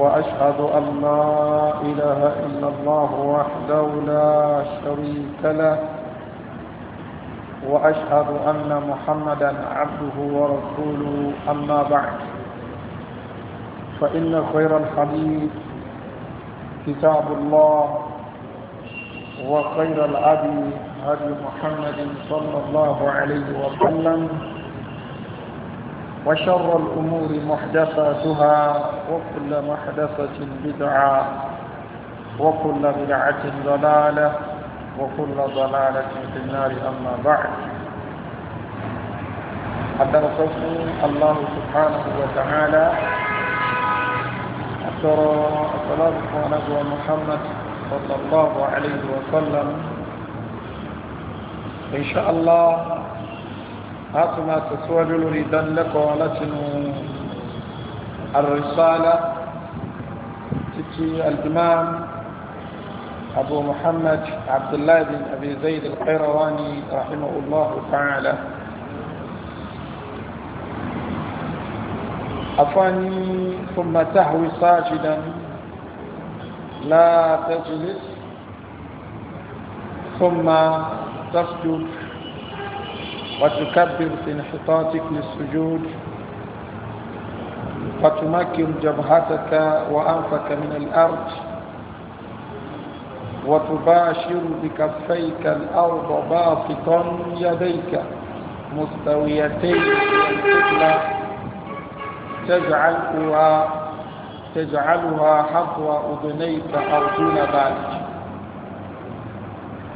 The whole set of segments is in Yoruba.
وأشهد أن لا إله إلا الله وحده لا شريك له وأشهد أن محمدا عبده ورسوله أما بعد فإن خير الحديث كتاب الله وخير الأبي هدي محمد صلى الله عليه وسلم وشر الأمور محدثاتها وكل محدثة بدعة وكل بدعة ضلالة وكل ضلالة في النار أما بعد أدرككم الله سبحانه وتعالى ترى صلاة ونبوة محمد صلى الله عليه وسلم إن شاء الله هاتما تسول ريدا لك ولتن الرسالة تتي الإمام أبو محمد عبد الله بن أبي زيد القيرواني رحمه الله تعالى أفاني ثم تهوي ساجدا لا تجلس ثم تسجد وتكبر في انحطاطك للسجود وتمكن جبهتك وأنفك من الأرض وتباشر بكفيك الأرض باسطا يديك مستويتين القبلة تجعلها تجعلها حظو أذنيك أو دون ذلك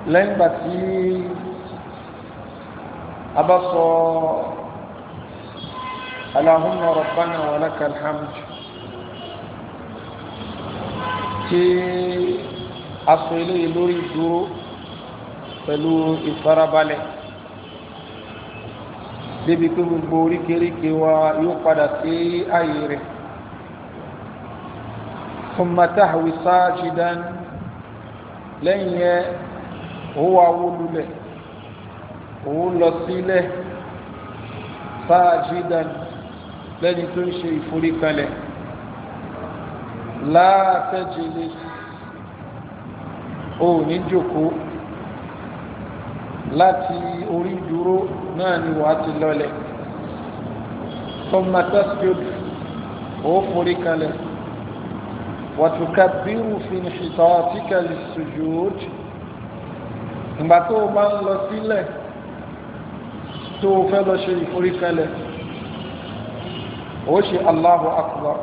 لين abasọ alahumma rabbana wa lakal hamd tí aṣọ eléyìí lórí dúró pẹ̀lú ìfarabalẹ̀ débi pé gbogbo oríkèéríkèé wa yóò padà sí ààyè rẹ̀ thumma tahwi sajidan lẹ́yìn ẹ̀ ó wà òun lọ sílẹ̀ sáàjìdàn lẹ́ni tó ń ṣe ìforíkalẹ̀ látẹ́jìlẹ̀ òun ní jókòó láti orí dúró náà ni wàá ti lọlẹ̀ tọ́mátásíọ́d ó foríkalẹ̀ wàtúkàbírù fi ń ṣìtọ́ àtíkàlì sùjúùd ìgbà tó o bá ń lọ sílẹ̀. Si tó fẹ́ lọ ṣe ìforíkalẹ̀ ó ṣe Allahu akbar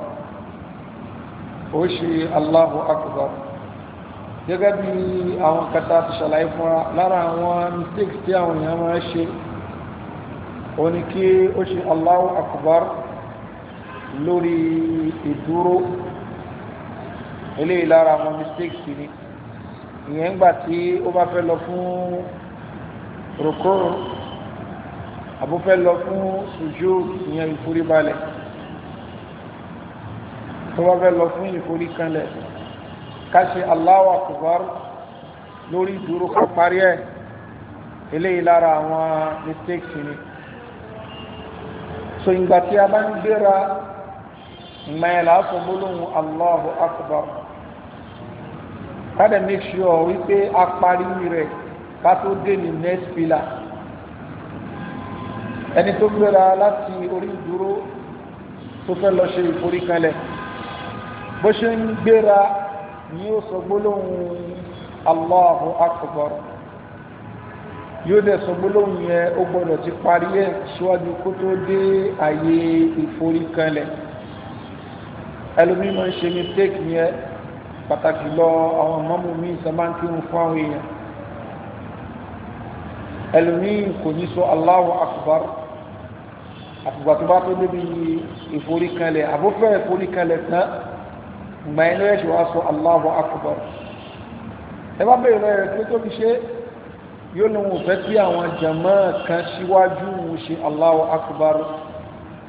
ó ṣe Allahu akbar gẹ́gẹ́ bí àwọn kata ti ṣàlàyé fúnra lára àwọn mistakes tí àwọn èèyàn máa ṣe ó ní kí ó ṣe Allahu akbar lórí ìdúró eléyìí lára àwọn mistakes ni ìyẹn gbà tí ó bá fẹ́ lọ fún rukuru àbúfẹ́ lọ fún sùjú ìyẹn ìforíbalẹ̀ tó bá fẹ́ lọ fún ìforíkanlẹ̀ ká ṣe Allahu Akbar lórí ìdúró kan parí ẹ̀ eléyìí lára àwọn mistakes ni so ìgbà tí a bá ń gbéra ìgbà yẹn là á sọ gbólóhùn Allahu Akbar ká dẹ̀ make sure wípé a parí rẹ̀ ká tó dé ní next pillar ẹni tó gbéra láti orí ìdúró tó fẹ́ lọ ṣe ìforíkalẹ̀ bó ṣe ń gbéra ni yóò sọ gbólóhùn Allahu akbar yóò dẹ̀ sọ gbólóhùn yẹn ó gbọ́dọ̀ ti parí ẹ̀ síwájú kó tó dé àyè ìforíkalẹ̀ ẹlòmíì máa ń ṣe yẹn pàtàkì lọ àwọn mọ́mú mi sàmánkírun fún àwọn èèyàn ẹlòmíì kò ní sọ Allahu akbar àtùgbà tó bá tó níbi ìforíkanlẹ̀ àbúfẹ́ ìforíkanlẹ̀ tán ìgbà inú ẹ̀ ṣe wá sọ Allahu akbar ẹ bá bẹ̀rẹ̀ rẹ̀ pé tó fi ṣe yóò lóun fẹ́ kí àwọn jàmá kan síwájú òun ṣe Allahu akbar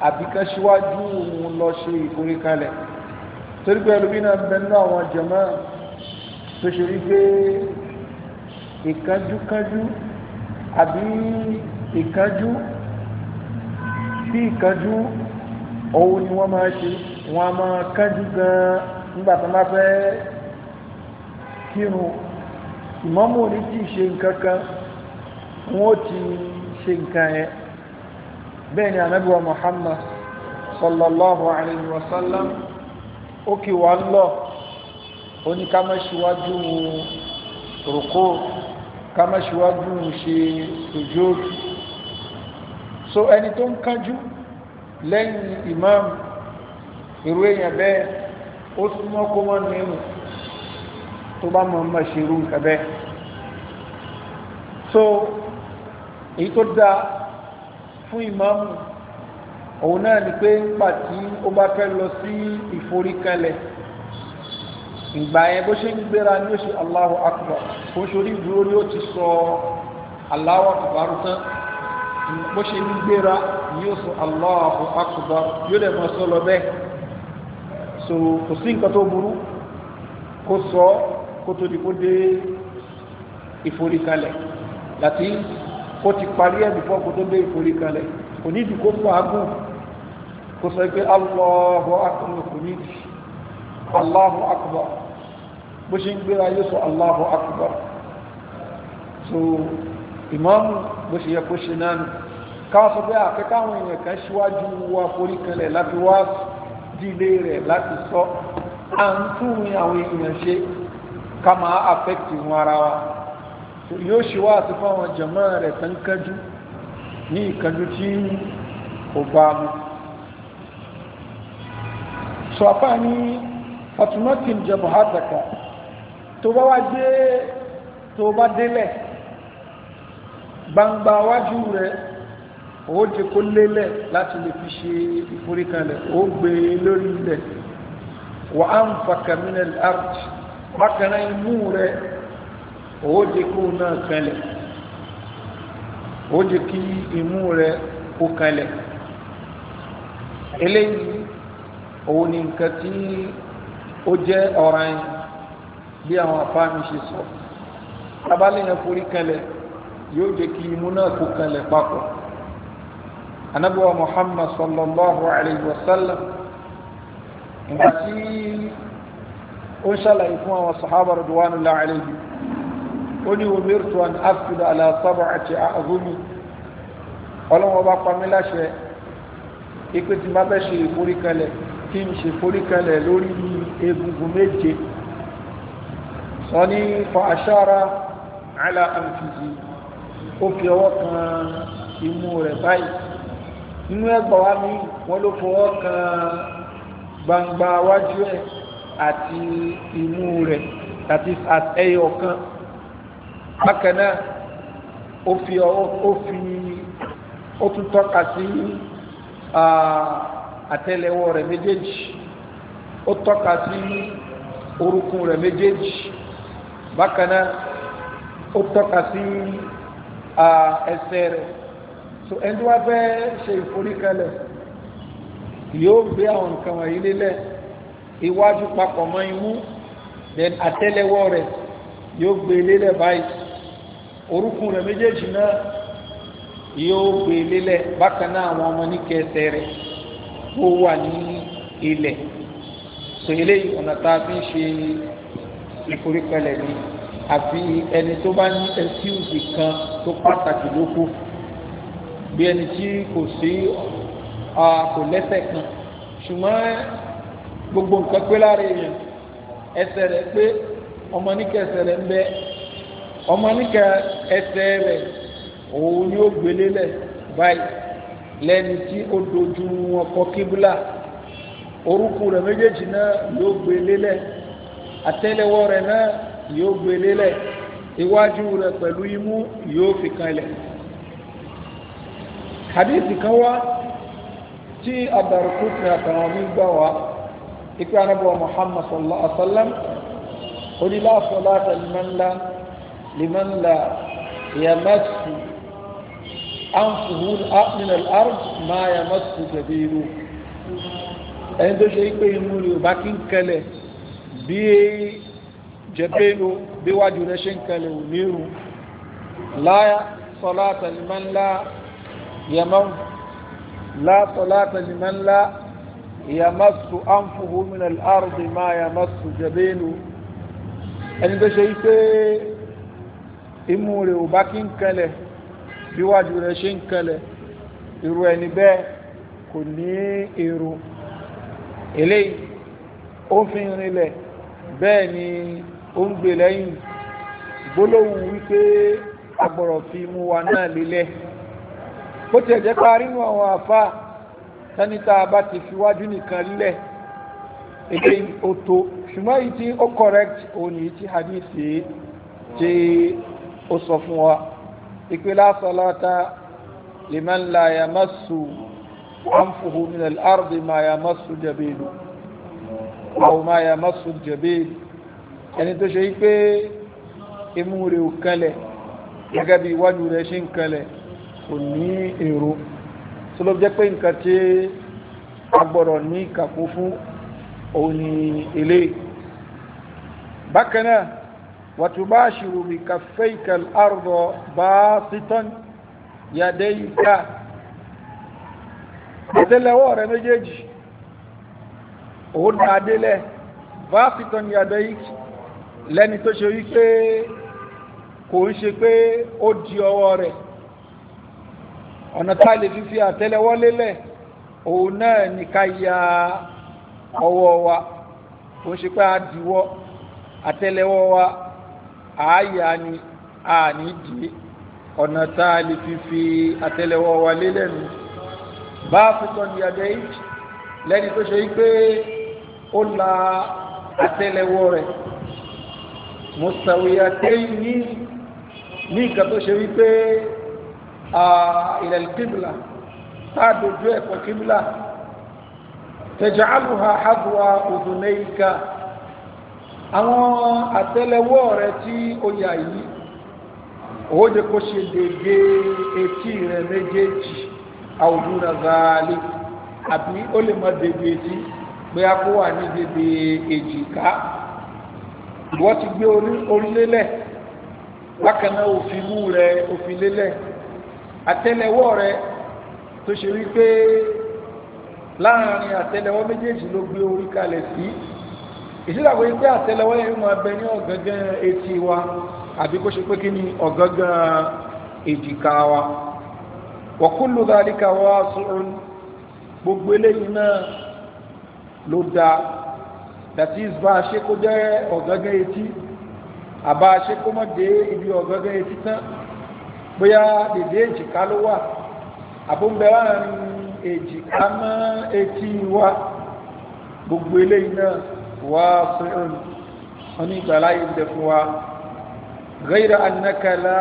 àbí kan síwájú òun lọ ṣe ìforíkanlẹ̀ torí pé ẹlòmí náà bẹnu àwọn jàmá tó ṣe rí pé ìkánjúkánjú àbí ìkánjú sí ìkanjú òun ni wọ́n máa ṣe wọ́n máa kánjú gan nígbà tó máa fẹ́ kírun ìmáàmù ní tí ṣe nǹkan kan wọ́n ti ṣe nǹkan ẹ̀ bẹ́ẹ̀ ni ànábì Muhammad sallallahu alayhi wa sallam ó kì wá lọ oníkámẹ́ṣíwájú rùkú kámẹ́ṣíwájú ṣe sùjúdù so ẹni tó ń kánjú lẹ́yìn imam irú èèyàn bẹ́ẹ̀ ó súnmọ́ kó mọ́ nínú tó bá mọ̀ mọ́ ṣe irú nǹkan bẹ́ẹ̀ so èyí tó dáa fún imam òun náà ni pé nígbà tí ó bá fẹ́ lọ sí ìforíkalẹ̀ ìgbà yẹn bó ṣe ń gbéra ni ó ṣe Allahu Akbar kó ṣorí dúró ni ó ti sọ Allahu Akbar tán bó ṣe ń gbéra yóò sọ Allahu akbar yóò dẹ̀ máa sọ lọ bẹ́ẹ̀ so kò sí nǹkan tó burú kó sọ kó tó di kó dé ìforíkalẹ̀ láti kó ti parí ẹ̀ bífọ́ kó tó dé ìforíkalẹ̀ kò ní ìdí fún agùn kó sọ pé Allahu akbar kò ní ìdí Allahu akbar bó ṣe ń gbéra yóò sọ Allahu akbar so ìmáàmù bó ṣe yẹ kó ṣe náà nù sọ pé àkẹ́kọ̀ọ́ àwọn èèyàn kan ṣíwájú wa forí kanlẹ̀ láti wá dílé rẹ̀ láti sọ à ń tún àwọn èèyàn ṣe ká máa àfẹ́kì wọn ara wa yóò ṣe wá àti fáwọn jàmáà rẹ̀ tán kánjú ní ìkánjú tí kò bá mu sọ apá ní fatumatin jabuhataka tó bá wá dé tó bá délẹ̀ gbangba wájú rẹ̀ ó jẹ́ kó lélẹ̀ láti lè fi ṣe ìforíkanlẹ̀ ó gbé e lórí ilẹ̀ wà á ń fàkà minel art bákanáà imú rẹ̀ ó jẹ́ kó náà kanlẹ̀ ó jẹ́ kí imú rẹ̀ kó kanlẹ̀ eléyìí òun ni nǹkan tí ó jẹ́ ọ̀ràn bí àwọn afáàmì ṣe sọ abálẹ̀yàn forí kanlẹ̀ yóò jẹ́ kí imú náà kó kanlẹ̀ papọ̀ anabiwa muhammad sallallahu alayhi wa sallam nígbà tí ó ń ṣàlàyé fún àwọn sahaba radwanullahi alayhi ó ní umirtu an afida ala sab'ati a'zumi ọlọ́wọ́ bá pa mí láṣẹ ipe tí n bá fẹ́ ṣe ìforíkalẹ̀ kí n ṣe ìforíkalẹ̀ lórí egungun méje sọ ní fa ashara ala anfihi ó fi ọwọ́ kan imú rẹ̀ báyìí nínú ẹgbà wa mi wọ́n ló fọwọ́ kan gbangba wájú ẹ̀ àti imú rẹ̀ àti ẹyọ kan bákan náà ó fi ọwọ́ ó fi ó tún tọ́ka sí àtẹ́lẹwọ́ rẹ̀ méjèèjì ó tọ́ka sí orúnkún rẹ̀ méjèèjì bákan náà ó tọ́ka sí ẹsẹ̀ rẹ̀ so ẹni tó wá fẹ́ ṣe ìforíkalẹ̀ yóò gbé àwọn nǹkan wọ̀nyí lélẹ̀ iwájú papọ̀ mọ́ imú then àtẹ́lẹwọ́ rẹ̀ yóò gbé e lélẹ̀ báyìí orúkún rẹ̀ méjèèjì náà yóò gbé e lélẹ̀ bákan náà àwọn ọmọ níkẹ́ ẹsẹ̀ rẹ̀ tó wà ní ilẹ̀ so eléyìí ọ̀nà tá a fi ń ṣe ìforíkalẹ̀ nìyí àfi ẹni tó bá ní ẹsíùsì kan tó pàtàkì lóko bí ẹni tí kò sí kò lẹ́sẹ̀ kan ṣùgbọ́n gbogbo nǹkan pé lára èèyàn ẹsẹ̀ rẹ̀ pé ọmọ níkẹ́ ẹsẹ̀ rẹ̀ ń bẹ ọmọ níkẹ́ ẹsẹ̀ rẹ̀ òun ni gbélé lẹ̀ báyìí lẹ́ni tí ó dojú ọkọ kíbúlà orúkú rẹ̀ méjèèjì náà ló gbélé lẹ̀ àtẹ́lẹwọ́ rẹ̀ náà yóò gbé lélẹ̀ iwájú rẹ̀ pẹ̀lú imú yóò fi kanlẹ̀ hadithi kan wá tí adarukutni àtàwọn mi gbà wá ikú anábọ̀ muhammad sallallahu alaihi wa sallam onílà salata limanla limanla yamasu anfuhu min al-ard ma yamasu jabiru ẹni tó ṣe é imú rẹ̀ bá kí ń kẹlẹ̀ bíi jẹ̀bẹ́lú bíwájú rẹ̀ ṣe ń kalẹ̀ òmírù láyá salata liman la yamam la salata liman la yamassu anfuhu min al-ardi ma yamassu jẹ̀bẹ́lú ẹni tó ṣe pé imú rẹ̀ ò bá kí ń kalẹ̀ bíwájú rẹ̀ ṣe ń kalẹ̀ irú ẹni bẹ́ẹ̀ kò ní èrò eléyìí ó fi rinlẹ̀ bẹ́ẹ̀ ni ó ń gbé lẹ́yìn gbólóhùn wípé agbọ̀rọ̀ fi mú wa náà lélẹ̀ bó tiẹ̀ jẹ́ pé arínú àwọn àfa sanita bá ti fi wájú nìkan lẹ̀ èdè òtò ṣùgbọ́n èyí tí ó correct òun ni ti hadithi tí ó sọ fún wa ìpè la salata liman la yamassu anfuhu min al-ardi ma yamassu jabilu aw ma yamassu jabilu ẹni tó ṣe yí pé imú rẹ̀ ò kanlẹ̀ gẹ́gẹ́ bí iwájú rẹ̀ ṣe ń kanlẹ̀ kò ní èrò tó ló jẹ́ pé nǹkan tí a gbọ́dọ̀ ní ìkàkó fún òun ni ilé bákan náà wàtúbáṣirò bí kàfẹ́ìkà àrùdọ̀ bá sítọ́n yàdé ìka àtẹ́lẹwọ́ rẹ̀ méjèèjì òun dáadélẹ̀ bá sítọ́n yàdé ìka lẹ́ni tó ṣe wípé kò ń ṣe pé ó di ọwọ́ rẹ̀ ọ̀nà tá a lè fi fi àtẹ́lẹwọ́ lélẹ̀ òun náà ní ká ya ọwọ́ wa kò ń ṣe pé a diwọ́ àtẹ́lẹwọ́ wa àáyá ni a ní di ọ̀nà tá a lè fi fi àtẹ́lẹwọ́ wa lélẹ̀ nù bá a fi tọ́ ní adé yìí tó ṣe wípé ó la àtẹ́lẹwọ́ rẹ̀ mùsàwìyàtẹ́ ní ní nǹkan tó ṣe wípé ilal qibla táàdójú ẹ̀kọ́ kíbílà taj'aluha hadwa udunayka àwọn àtẹ́lẹwọ́ rẹ tí ó yà yìí ó jẹ́ kó ṣe dédé etí rẹ méjèèjì àwùjúra zaali àbí ó lè mọ dédé etí pé a kó wà ní dédé èjìká ìwọ ti gbé orílẹ̀-èlẹ̀ bákan náà òfin mú rẹ òfin lélẹ̀ àtẹ́lẹwọ́ rẹ tó ṣe pé láàrin àtẹ́lẹwọ́ méjèèjì ló gbé orí kalẹ̀ sí ìṣílàwọ̀ yìí pé àtẹ́lẹwọ́ yẹn máa bẹ ní ọ̀gángan etí wa àbí kó ṣe wa gbogbo eléyìí náà ló that is bá a ṣe kó jẹ́ ọ̀gángan etí àbá a ṣe kó mọ̀ dé ibi ọ̀gángan etí tán bóyá dèdè èjìká ló wà àbúmbẹ̀ láàrin èjìká mọ́ etí wa gbogbo eléyìí náà wá fún wọn ní ìgbàlá ìdẹ fún wa gẹ́rẹ́ anakala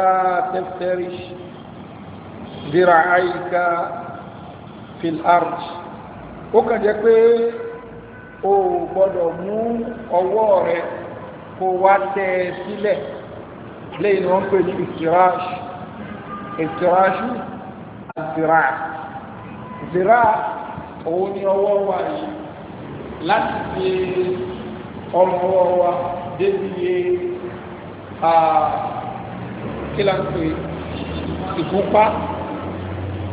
tẹ́fẹ́rì zira àyíká fil ó kàn jẹ́ pé o gbọ́dọ̀ mú ọwọ́ rẹ kó wá tẹ ẹ sílẹ̀ lẹ́yìn ni wọ́n pè ní ìtìráṣù ìtìráṣù àzìrà zìrà òun ni ọwọ́ wa yìí láti fi ọmọ ọwọ́ wa débi kílàǹpé ìfúnpá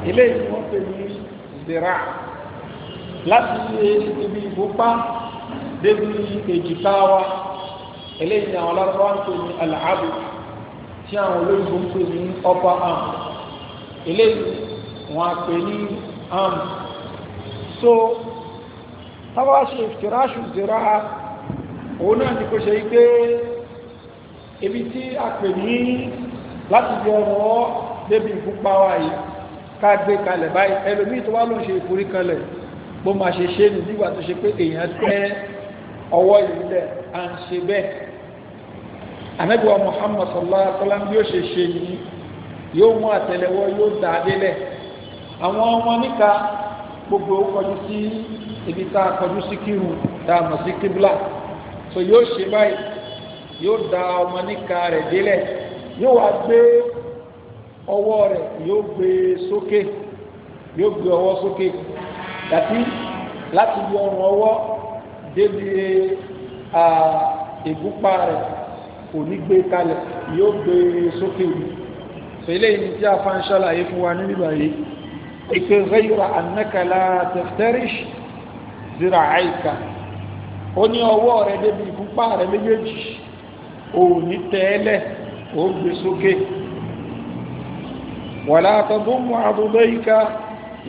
eléyìí ni wọ́n pè ní zìrà láti ibi ìfúnpá débi èjìká wa eléyìí àwọn alárúbáwá ń pè ní alàábù tí àwọn olóyìnbó ń pè ní upper arm eléyìí wọn á pè ní arm so táwa ṣe ìfìtìráṣù zera òun náà ni kò ṣe yí pé ibi tí a pè ní láti fi ọrùn ọ débi ìfúnpá wa yìí ká gbé kalẹ̀ báyìí ẹlòmíì tó wá ló ń ṣe ìforí kalẹ̀ bó máa ṣe ṣe nù nígbà tó ṣe pé èèyàn tẹ́ ọwọ́ ìrìnlẹ̀ à ń ṣe bẹ́ẹ̀ anabiwa muhammad sallallahu alaihi wa sallam yóò ṣe ṣe yìí yóò mú àtẹ́lẹwọ́ yóò dà á délẹ̀ àwọn ọmọ níka gbogbo kọjú sí ibi tá a kọjú sí kírun tá a mọ̀ sí kíbla so yóò ṣe báyìí yóò da ọmọ níka rẹ̀ délẹ̀ yóò wá gbé ọwọ́ rẹ̀ yóò gbé sókè yóò gbé ọwọ́ sókè tàbí láti bí ọrùn ọwọ́ débi ìgúnpá rẹ̀ kò ní gbé kalẹ̀ yóò gbé sókè wù sọ eléyìí ní tí a fa ń ṣàlàyé fún wa níbi báyìí ìpè rẹ́yìnrà ànákàlà tẹ̀tẹ́rìṣ zira àìkà ó ní ọwọ́ rẹ̀ débi ìgúnpá rẹ̀ méjèèjì ò ní tẹ́ẹ́lẹ̀ ó gbé sókè wàlá àtọ́gbọ́n mọ́ àdúgbò ìka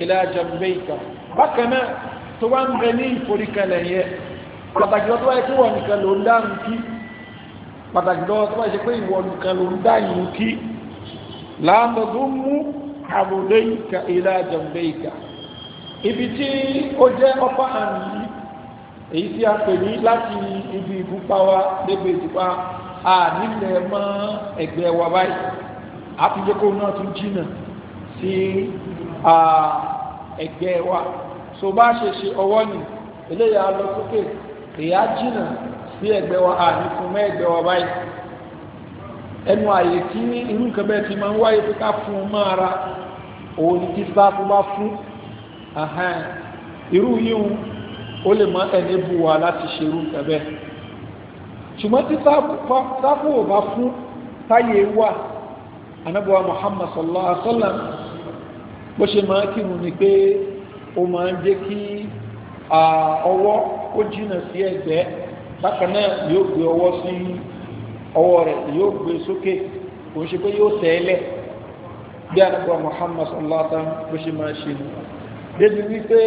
ìlà jàmbé ìka bákan náà tó wá ń bẹ ní ìforíkalẹ̀ yẹn pàtàkì lọ́tọ́ báyìí pé wọ́n nìkan ló ń dá ń kí pàtàkì lọ́tọ́ báyìí pé ìwọ̀n nìkan ló ń dá yìí kí láàmú tó mú àbòdéyìká ilá jàmbéyìká ibi tí ó jẹ́ ọpá àmì èyí tí a pè ní láti ibi ìgúnpá wa débi ìtìpá a nílẹ̀ mọ́ ẹ̀gbẹ́ wa báyìí àtúndékò náà tún jìnnà sí ẹ̀gbẹ́ wa so bá ṣe ṣe ọwọ́ nì eléyà lọ sókè èyà jìnnà sí ẹgbẹ́ wa àní fún mẹ́ẹ̀gbẹ́ wa báyìí ẹnu àyè tí irú nǹkan bẹ́ẹ̀ ti máa ń wáyé pé ká fún un máa ra òun ni kí bá tó bá fún irú yíhun ó lè má ẹni bu wa láti ṣe irú nǹkan bẹ́ẹ̀ ṣùgbọ́n tí sáfù ò bá fún táyé wà anábọ̀wá Muhammad sallallahu alaihi wa sallam bó ṣe máa kírun ni pé ó máa ń jẹ́ kí ọwọ́ ó jìnnà sí ẹ̀gbẹ́ bákan náà yóò gbé ọwọ́ sí ọwọ́ rẹ̀ yóò gbé sókè kò ń ṣe pé yóò tẹ̀ ẹ́ lẹ̀ bí àdàpọ̀ Muhammad sallallahu alaihi wa sallam bó ṣe máa ṣe nù. débi wípé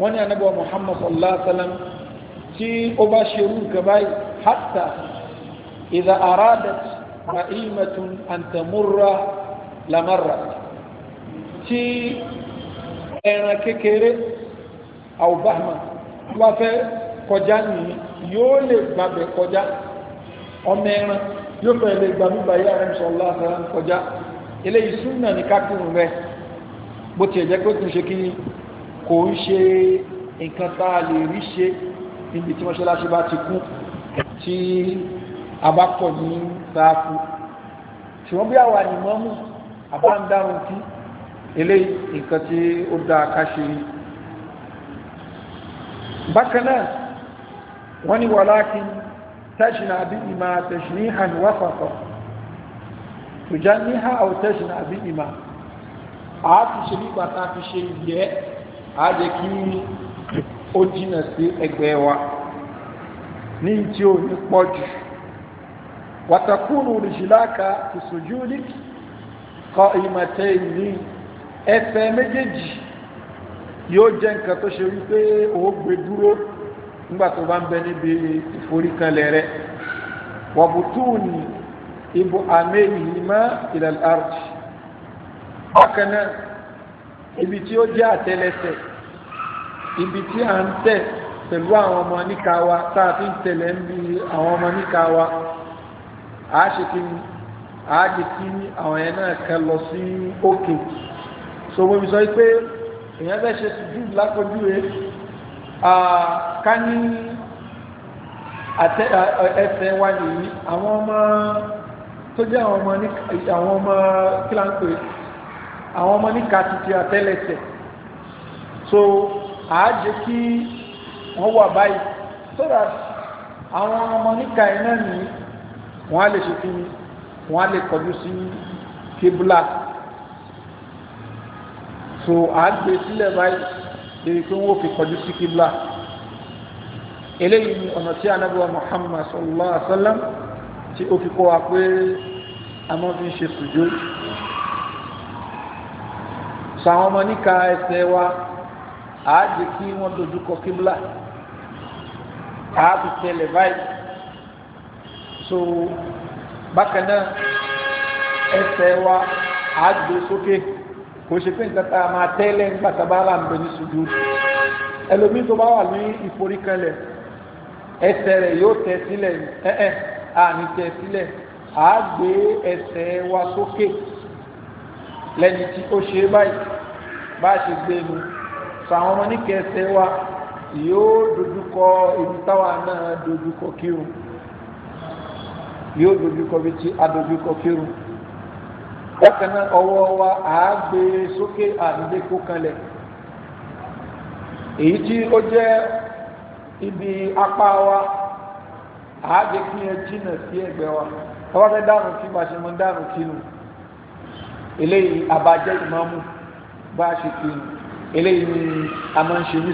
wọ́n ní àdàpọ̀ Muhammad sallallahu alaihi wa sallam tí ó bá ṣe irú nǹkan báyìí hatta idha aradat ra'imatun an tamurra tí ẹran kékeré àwòbáhàmà tó bá fẹ́ kọjá nìyí yóò lè gbàgbẹ́ kọjá ọmọ ẹran yóò fẹ́ lè gbà bíbá yá ẹran sọ ọlá àtàrà ń kọjá eléyìí súnà ní kákùnrin rẹ bó tiẹ̀ jẹ́ pé kò ń ṣe kí kò ń ṣe tí mọ́ṣáláṣí bí àwa nìmọ́ àbá ń dárun kí eléyìí nǹkan tí ó dáa ká ṣe rí bákan náà wọ́n ní walakin tẹ́ṣìnà bí ìmá tẹ̀ṣìní hàn wáfàfà tùjá ní ha ọ̀ tẹ́ṣìnà bí ìmá a ti ṣe nígbà tá ṣe ìyẹ́ a jẹ́ kí ó jìnà sí ẹgbẹ́ wa ní tí ó ní pọ̀ jù wàtàkùnrin òrìṣìláka tùsùjúlì kọ ìmọ̀tẹ́ ìlú ẹsẹ̀ méjèèjì yóò jẹ́ nǹkan tó ṣe wípé ó gbé dúró nígbà tó bá ń bẹ níbi ìforíkanlẹ̀ rẹ̀ wàbùtúùnì ibu àmẹ́yìnmá ìlàlẹ́ àrùtì bákan náà ibi tí ó jẹ́ àtẹlẹsẹ̀ ibi tí à ń tẹ̀ pẹ̀lú àwọn ọmọ níka tá a fi ń tẹ̀lé ń bi àwọn ọmọ níka àá ṣe kí ni àá jẹ kí àwọn yẹn náà kẹ lọ sí òkè. Okay so mo fi sọ pé èèyàn fẹ́ ṣe sùjúdù lápọ̀jù rẹ̀ ká ní ẹsẹ̀ wa nìyí àwọn ọmọ tó jẹ́ àwọn ọmọ ní àwọn ọmọ kíláńpé àwọn ọmọ níka títí àtẹ́lẹsẹ̀ so àájẹ́ kí wọ́n wà báyìí so that àwọn ọmọ níka iná nìyí wọ́n á lè ṣe kí wọ́n á lè kọjú sí kébùlà so à ń gbé sílẹ̀ báyìí débi pé wọ́n fi kọjú sí kíbla eléyìí ni ọ̀nà tí anábíwá Muhammad sallallahu alaihi wa sallam tí ó fi kọ́ wa pé a máa fi ń ṣe sùjó so àwọn ọmọ níka ẹsẹ̀ wa à á kí wọ́n dojú kọ kíbla à fi tẹ̀lẹ̀ báyìí so bákan náà ẹsẹ̀ wa à gbé sókè. Okay kò ṣe pé nǹkan tá a máa tẹ́lẹ̀ nígbà tá a bá là ń bẹ ní ṣubú ẹlòmíì tó bá wà ní ìforíkanlẹ̀ ẹsẹ̀ rẹ̀ yóò tẹ̀ sílẹ̀ ẹ̀ẹ́ àní tẹ̀ sílẹ̀ à á gbé ẹsẹ̀ wa sókè lẹ́ni tí ó ṣe báyìí bá a ṣe gbé nu sàwọn ọmọ níkẹ́ ẹsẹ̀ wa yóò dojúkọ ibi táwa náà dojúkọ kírun yóò dojúkọ bí ti adojúkọ kírun. bákan náà ọwọ́ wa àágbé sókè àdídé kó kanlẹ̀ èyí tí ó jẹ́ ibi apá wa àágbé kí ẹ jìnà sí ẹ̀gbẹ́ wa ọwọ́ dànù kí bá ṣe mọ́ dànù kínú eléyìí abajẹ́ ìmọ̀mù bá ṣe kínú eléyìí ni a máa ń ṣe ní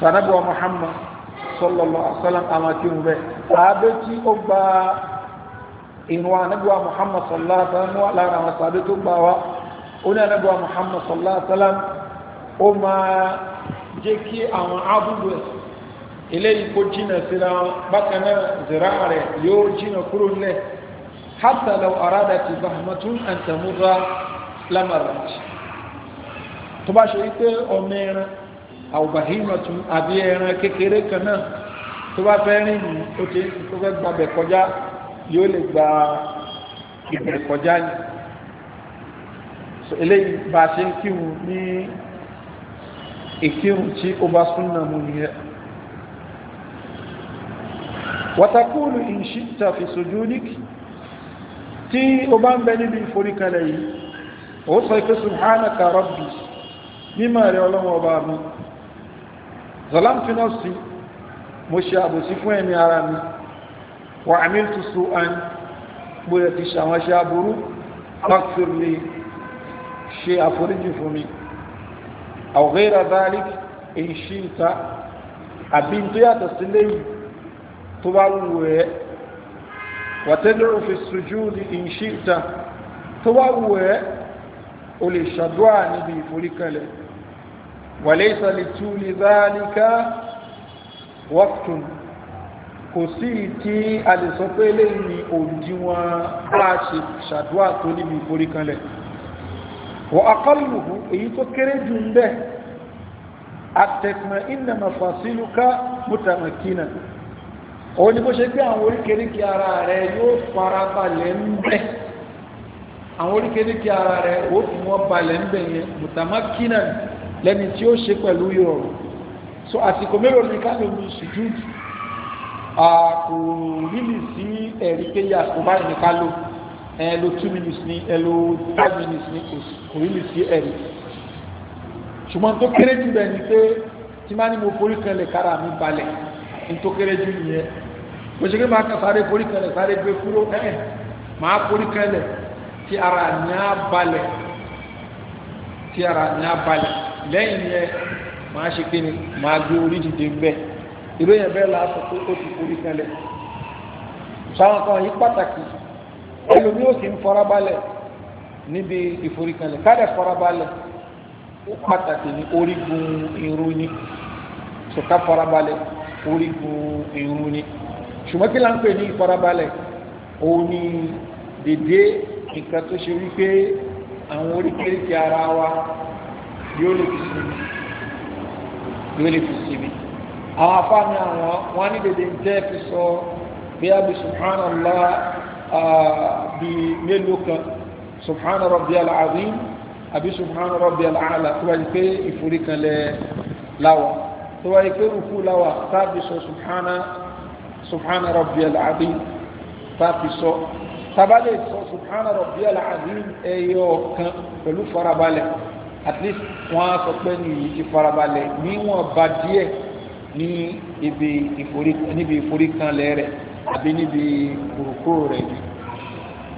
sanabu wa Muhammad sallallahu alaihi àwọn akínú bẹ́ẹ̀ àábé tí ó gba ìrún anábíwá muhammad sallallahu alaihi wasallam wà lára àwọn sàbẹ tó gbà wá ó ní anábíwá muhammad sallallahu alaihi wasallam ó máa jẹ́ kí àwọn ábúdó ẹ̀ eléyìí kó jìnà síra bákan náà zira rẹ̀ yóò jìnà kúrò nílẹ̀ hatta law aradati bahmatun an tamurra lamarat tó bá ṣe wípé ọmọ ẹran àwòbàhímatun àbí ẹran kékeré kan náà tó bá fẹ́ rìn ní ó ti tó kọjá yóò lè gba ìbẹ̀rẹ̀ kọjá ni eléyìí bá a ṣe ń kírun ní ìkírun tí ó bá súnà mu nìyẹn wàtàkùlù ìṣíta fi sujúdik tí ó bá ń bẹ níbi ìforíkalẹ̀ yìí ó sọ ìfẹ́ subhanaka rabbi mímọ̀ rẹ̀ ọlọ́wọ́ bá mi zalamtu nafsi mo ṣe àbòsí fún ẹ̀mí ara mi wà amíltù su'an bóyá ti ṣàwọn ṣe aburú maghfir li ṣe àforíjì fún mi aw ghayra dhalik in shi'ta àbí tó yàtọ̀ sí léyìí tó bá wa tad'u fi sujudi in shi'ta tó bá wù ẹ́ o lè ṣàdúrà wa laysa li tuli dhalika waqtun kò sí tí a lè sọ pé eléyìí ni òdiwọ̀n bá ṣe ṣàdúrà tó níbi ìforí kanlẹ̀ wọ akọlùkù èyí tó kéré jù ń bẹ àtẹ̀kùnmọ̀ ìnàmọ̀ fàṣílùkà mùtàmọ̀kínà ó ní bó ṣe pé àwọn oríkèríkè ara rẹ yóò fara balẹ̀ ń bẹ àwọn oríkèríkè ara rẹ ó fi wọn balẹ̀ ń bẹ yẹn mùtàmọ̀kínà lẹ́ni tí ó ṣe pẹ̀lú yòrò so àsìkò mélòó ni ká ló ń sùjúdù kò lílì sí ẹ̀rí pé yà kò báyìí ní ká lò ẹ lo two minutes ní ẹ lo five minutes ní kò lílì sí ẹ̀rí ṣùgbọ́n tó kéré jù bẹ́ẹ̀ ni pé tí máa ní mo forí kan lè kára mi balẹ̀ ní tó kéré jù nìyẹn mo ṣe pé máa kà sáré forí kan lè sáré gbé kúrò ẹ̀ máa forí kan lè tí ara ní á balẹ̀ tí ara ní á balẹ̀ lẹ́yìn yẹn máa ṣe kí ni máa gbé orí dìde bẹ́ẹ̀ ìròyìn bẹ́ẹ̀ la sọ pé ó ti forí kanlẹ̀ sáwọn kan yìí pàtàkì ẹlòmíì ó sì ń farabalẹ̀ níbi ìforíkanlẹ̀ káàdà farabalẹ̀ ó pàtàkì ní orígun irun ni sọ̀ká farabalẹ̀ orígun irun ni ṣùgbọ́n kí la ń pè ní ìfarabalẹ̀ òun ni dèdè nǹkan tó ṣe wípé àwọn oríkèéríkèé ara wa yóò lè fi sinmi yóò lè fi sinmi àwọn afáàmì àwọn wọn ní dèdè ń tẹ́ fi sọ bí a bí subhanallah bí mélòó kan subhana rabbiyal azim àbí subhana rabbiyal a'la tó wáyé pé ìforíkanlẹ̀ láwà tó wáyé pé rúkú láwà tàbí sọ subhana subhana rabbiyal azim tàbí sọ tabale sọ subhana rabbiyal azim ẹyọ kan pẹ̀lú farabalẹ̀ at least wọ́n sọ pé nìyí ti farabalẹ̀ níwọ̀n ba díẹ̀ ní ibi ìforí níbi ìforíkanlẹ̀ rẹ̀ àbí níbi kòkó rẹ̀ ni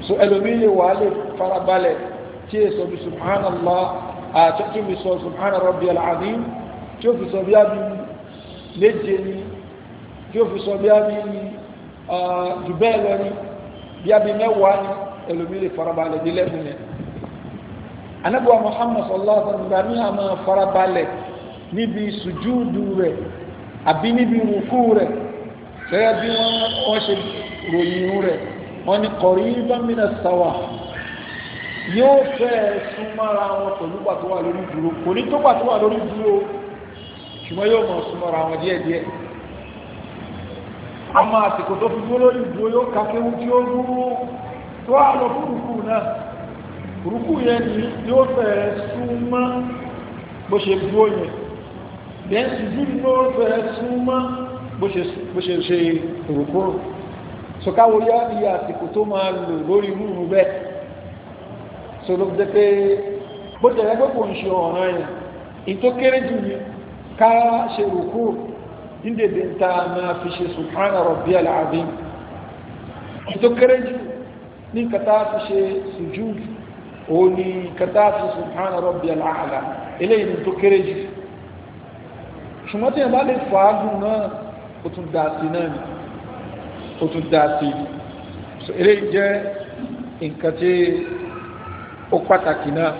so ẹlòmíì lè wàá lè farabalẹ̀ tí èso bí subhanallah àtúntò bí sọ subhana rabbiyal azim tí ó fi sọ bí ábí méje ni tí ó fi sọ bí ábí jù bẹ́ẹ̀ lọ ni bí ábí mẹ́wàá ni ẹlòmíì lè farabalẹ̀ dé lẹ́nu yẹn anabuwa muhammad sallallahu alaihi wa sallam gbàmí àmà farabalẹ̀ níbi sùjúdù rẹ̀ àbí níbi rùkú rẹ̀ gẹ́gẹ́ bí wọ́n ṣe ròyìn rẹ̀ wọ́n ní kọ̀rí bámínà sáwà yóò fẹ́ súnmọ́ra wọn pẹ̀lú pàtó wà lórí dúró kò ní tó pàtó wà lórí dúró ṣùgbọ́n yóò mọ̀ súnmọ́ra wọn díẹ̀díẹ̀ àmọ́ àsìkò tó fi dúró lórí dúró yóò ka kéwú tí ó dúró tó wà lọ fún rùkú náà rùkú yẹn ni yóò fẹ́ súnmọ́ bó ṣe dúró yẹn bẹ́ẹ̀ sùjúdù ló fẹ́ súnmọ́ bó ṣe ṣe òrùkúrò sọ̀káwò yá iye àsìkò tó máa lò lórí rúrù bẹ́ẹ̀ so ló jẹ́ pé bó tẹ̀lé pé kò ń ṣe ọ̀ràn yẹn ìtó kéré jù ní ká ṣe òrùkúrò nídèdè ta máa fi ṣe subhana rabbiyal azim ìtó kéré jù ní kàtà fi ṣe sùjúdù òun kàtà fi subhana rabbiyal a'la eléyìí ní tó kéré jù ṣùgbọ́n tí yẹn bá lè fàágùn náà ó tún dá sí náà ni ó tún dá sí eré jẹ́ nǹkan tí ó pàtàkì náà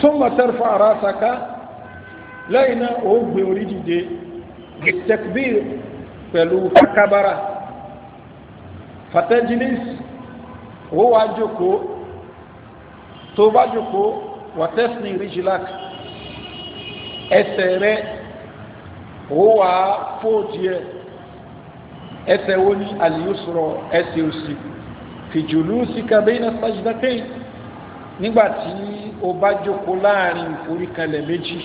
súnmọ̀ tẹ́rfà ara saka lẹ́yìn náà ó gbé orí dìde gẹ̀tẹ̀kbír pẹ̀lú fakabara fatajilis ó wá jókòó tó bá jókòó wàtẹ́sìn ríjìlákì ẹsẹ̀ rẹ ó wà fóòdì ẹ ẹsẹ̀ wo ni àlìyúsọ̀rọ̀ ẹsẹ̀ òsì fìjòlú síka bẹ́ẹ̀nà sajidatẹ́yìn nígbà tí o bá jókòó láàrin ìforíkanlẹ̀ méjì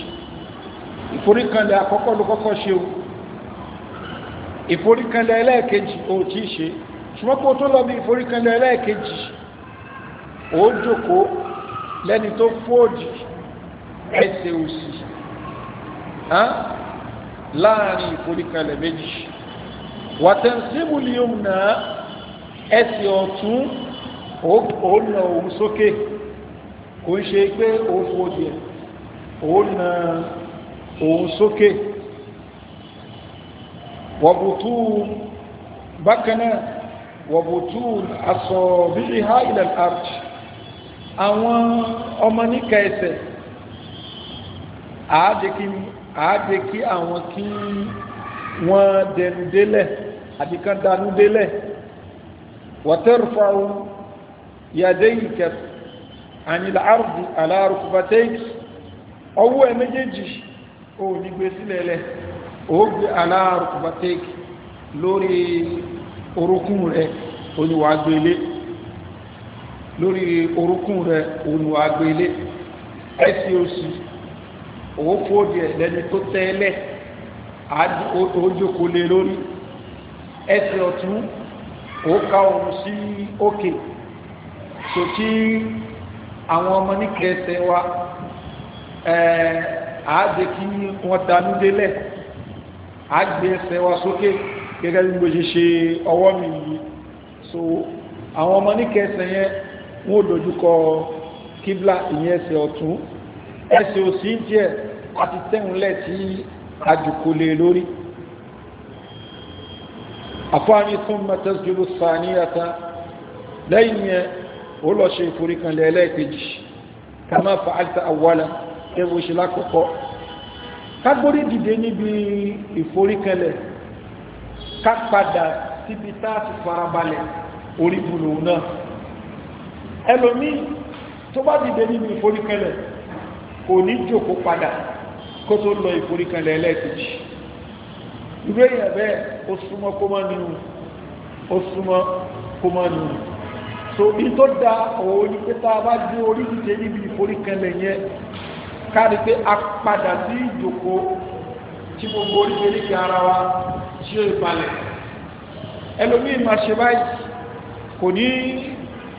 ìforíkanlẹ̀ àkọ́kọ́ ló kọ́kọ́ ṣe o ìforíkanlẹ̀ ẹlẹ́ẹ̀kejì o tí ì ṣe ṣùgbọ́n kó tó lọ bí ìforíkanlẹ̀ ẹlẹ́ẹ̀kejì o jókòó lẹ́ni tó fóòdì ẹsẹ̀ òsì láàrin ìforíkalẹ̀ méjì wàtẹ́nsíbù ni ó na ẹsẹ̀ ọ̀tún ó na òun sókè kò ń ṣe pé òun fò díẹ̀ ó na òun sókè wọ̀bùtú bákanáà wọ̀bùtú asọ̀ bíi ha ilẹ̀ àwọn ọmọ níka ẹsẹ̀ àádékìmí àájẹ kí àwọn kí wọ́n dẹnu délẹ̀ àbí kan danú délẹ̀ wàtẹ́rùfáwù yàdéyìí kẹt ànilà àrùbí alárùkùbátẹ́yì ọwọ́ ẹ méjèèjì ó o gbé sílẹ̀ lórí orúkún rẹ̀ oníwàgbélé lórí orúkún rẹ̀ oníwàgbélé òsì. òun fòdì ẹ̀ lẹ́ni tó tẹ́lẹ̀ ojókòó lé lórí ẹsẹ̀ ọ̀tún ó ká òun sí òkè sòtí àwọn ọmọ níkẹsẹ̀ wa àádé kí wọ́n danú délẹ̀ àgbé ẹsẹ̀ wa sókè gẹ́gẹ́ bí mo ṣe ṣe ọwọ́ mi yìí so àwọn ọmọ níkẹsẹ̀ yẹn wọ́n dojúkọ kíbla ìyẹn ẹsẹ̀ ọ̀tún ẹsẹ̀ òsì díẹ̀ àti tẹ́hùnlẹ̀ tí àjùkò lè e lórí àfáàní tún mẹ́tẹ́sìlú sàníyàtà lẹ́yìn yẹn ó lọ ṣe ìforíkanlẹ̀ ẹlẹ́ẹ̀kejì ká máa fa àìsà àwọlẹ̀ ẹwọ́ ṣe lákọ̀ọ́kọ́ kágbórí dìde níbi ìforíkanlẹ̀ ká padà síbi tá a ti farabalẹ̀ orí bùlù náà ẹlòmíì tó bá dìde níbi ìforíkanlẹ̀ kò ní jòkó padà kó tó lọ ìforíkanlẹ̀ ẹlẹ́ẹ̀kejì irú èèyàn bẹ́ẹ̀ ó súnmọ́ kó mọ́ nínú ó súnmọ́ kó mọ́ nínú so bí tó da òun ni pé tá a bá gbé orí dìde níbi ìforíkanlẹ̀ yẹn káàdì pé a padà sí ìjòkó tí gbogbo oríkèéríkèé ara wa tí ó ìbalẹ̀ ẹlòmíì máa ṣe báyìí kò ní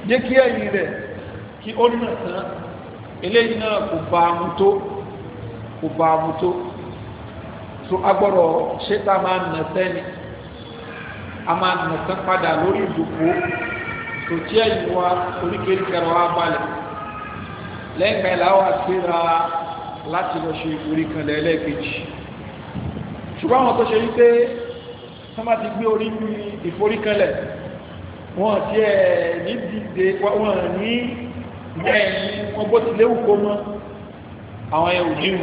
jẹ́ kí ẹ̀yìn rẹ̀ kí ó nà tán eléyìí náà kò bá a mú tó kò bá a mú tó tó agbọ́dọ̀ ṣé tá a máa nà sẹ́ni a máa nà sẹ́ padà lórí ìdòkó tó tí ẹ̀yìn wa oríkèéríkèrè wa balẹ̀ lẹ́yìn ìgbà yẹn làwọn àṣírà láti lọ ṣe orí kan lẹ́ẹ̀kejì ṣùgbọ́n àwọn tó ṣe wípé wọ́n bá ti gbé orí ìforíkanlẹ̀ wọ́n ti ẹ̀ ní dìde wọ́n ní bẹ́ẹ̀ ni wọ́n bó tilé wù kó mọ́ àwọn yẹn ò dín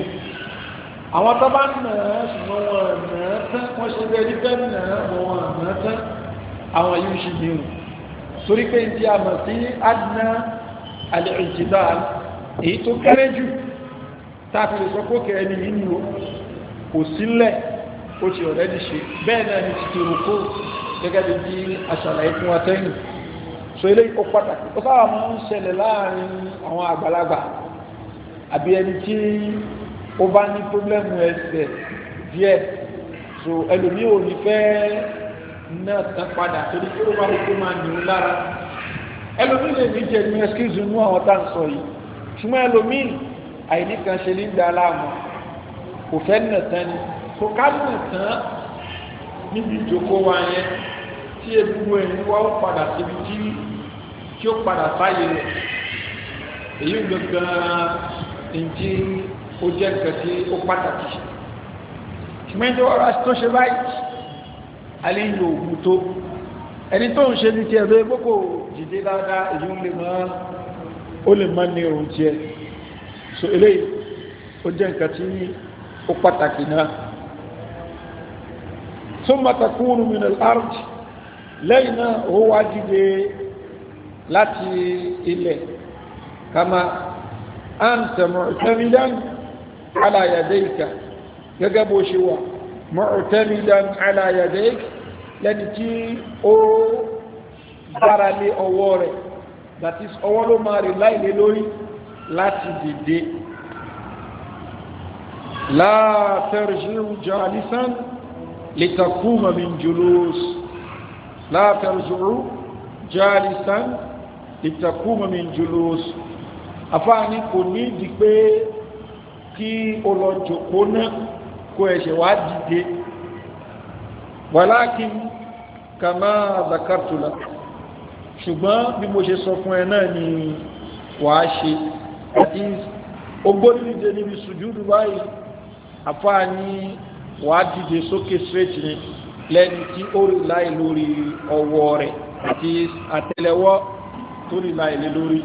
àwọn tó bá nà á ṣùgbọ́n wọn nà á tán wọ́n ṣe bẹ́ẹ̀ ní fẹ́ nà á bọ̀ wọn nà á tán àwọn yìí ń ṣe dín torí pé ní a mọ̀ sí adná alẹ́ ìjìdá èyí tó kéré jù tá a fi lè sọ pé ó kéré ní yìí ni kò sílẹ̀ ó ti ọ̀rẹ́dì ṣe bẹ́ẹ̀ náà ni ti ti rò kó gẹ́gẹ́ bí aṣàlàyé fún wa tẹ́yìn so eléyìí ó pàtàkì ó sábà máa ń ṣẹlẹ̀ láàrin àwọn àgbàlagbà àbí ẹni tí ó bá ní pọ́blẹ́mù ẹsẹ̀ díẹ̀ so ẹlòmíì ò ní fẹ́ náà tán padà torí pé ó bá rí pé máa nìyó lára ẹlòmíì lè ní jẹ ní ẹsikíìsì nú àwọn tá à ń sọ yìí ṣùgbọ́n ẹlòmíì àìní kan ṣe ní gba aláàmú kò fẹ́ nà tán ni kò ká nà tán níbi ìjókòó wa yẹn tí egungun ẹ̀yìn wá ó padà síbi tí tí ó padà sáyé rẹ̀ èyí ń lọ gan-an ntí ó jẹ́ nǹkan tí ó pàtàkì ṣùgbọ́n tí ọ̀rọ̀ tó ṣe báyìí alẹ́ ń lo òògùn tó ẹni tó ń ṣe ní tiẹ̀ lóye gbogbo jìde dáadáa èyí ń lè máa ó lè máa ní òun tiẹ̀ so eléyìí ó jẹ́ nǹkan tí ó pàtàkì náà ثم تكون من الأرض lẹ́yìn náà ó wá dìde láti ilẹ̀ kama anta mu'tamidan ala yadayka gẹ́gẹ́ bó ṣe wà mu'tamidan ala yadayka lẹ́ni tí ó gbára lé ọwọ́ rẹ̀ that is ọwọ́ ló máa rí láìlé lórí láti dìde la tarji'u jalisan litakuma min julus la tarzu'u jalisan litakuma min julus àfáàní kò ní ìdí pé kí o lọ jòkó náà kó ẹ̀ṣẹ̀ walakin kama zakartula ṣùgbọ́n bí mo ṣe sọ fún ẹ náà ni wàá ṣe àti ogbóníjẹ níbi sùjúdù báyìí àfáàní wàá dìde sókè straight ni lẹ́ni tí ó rí láì lórí ọwọ́ rẹ̀ àti àtẹ́lẹwọ́ tó rí láì lé lórí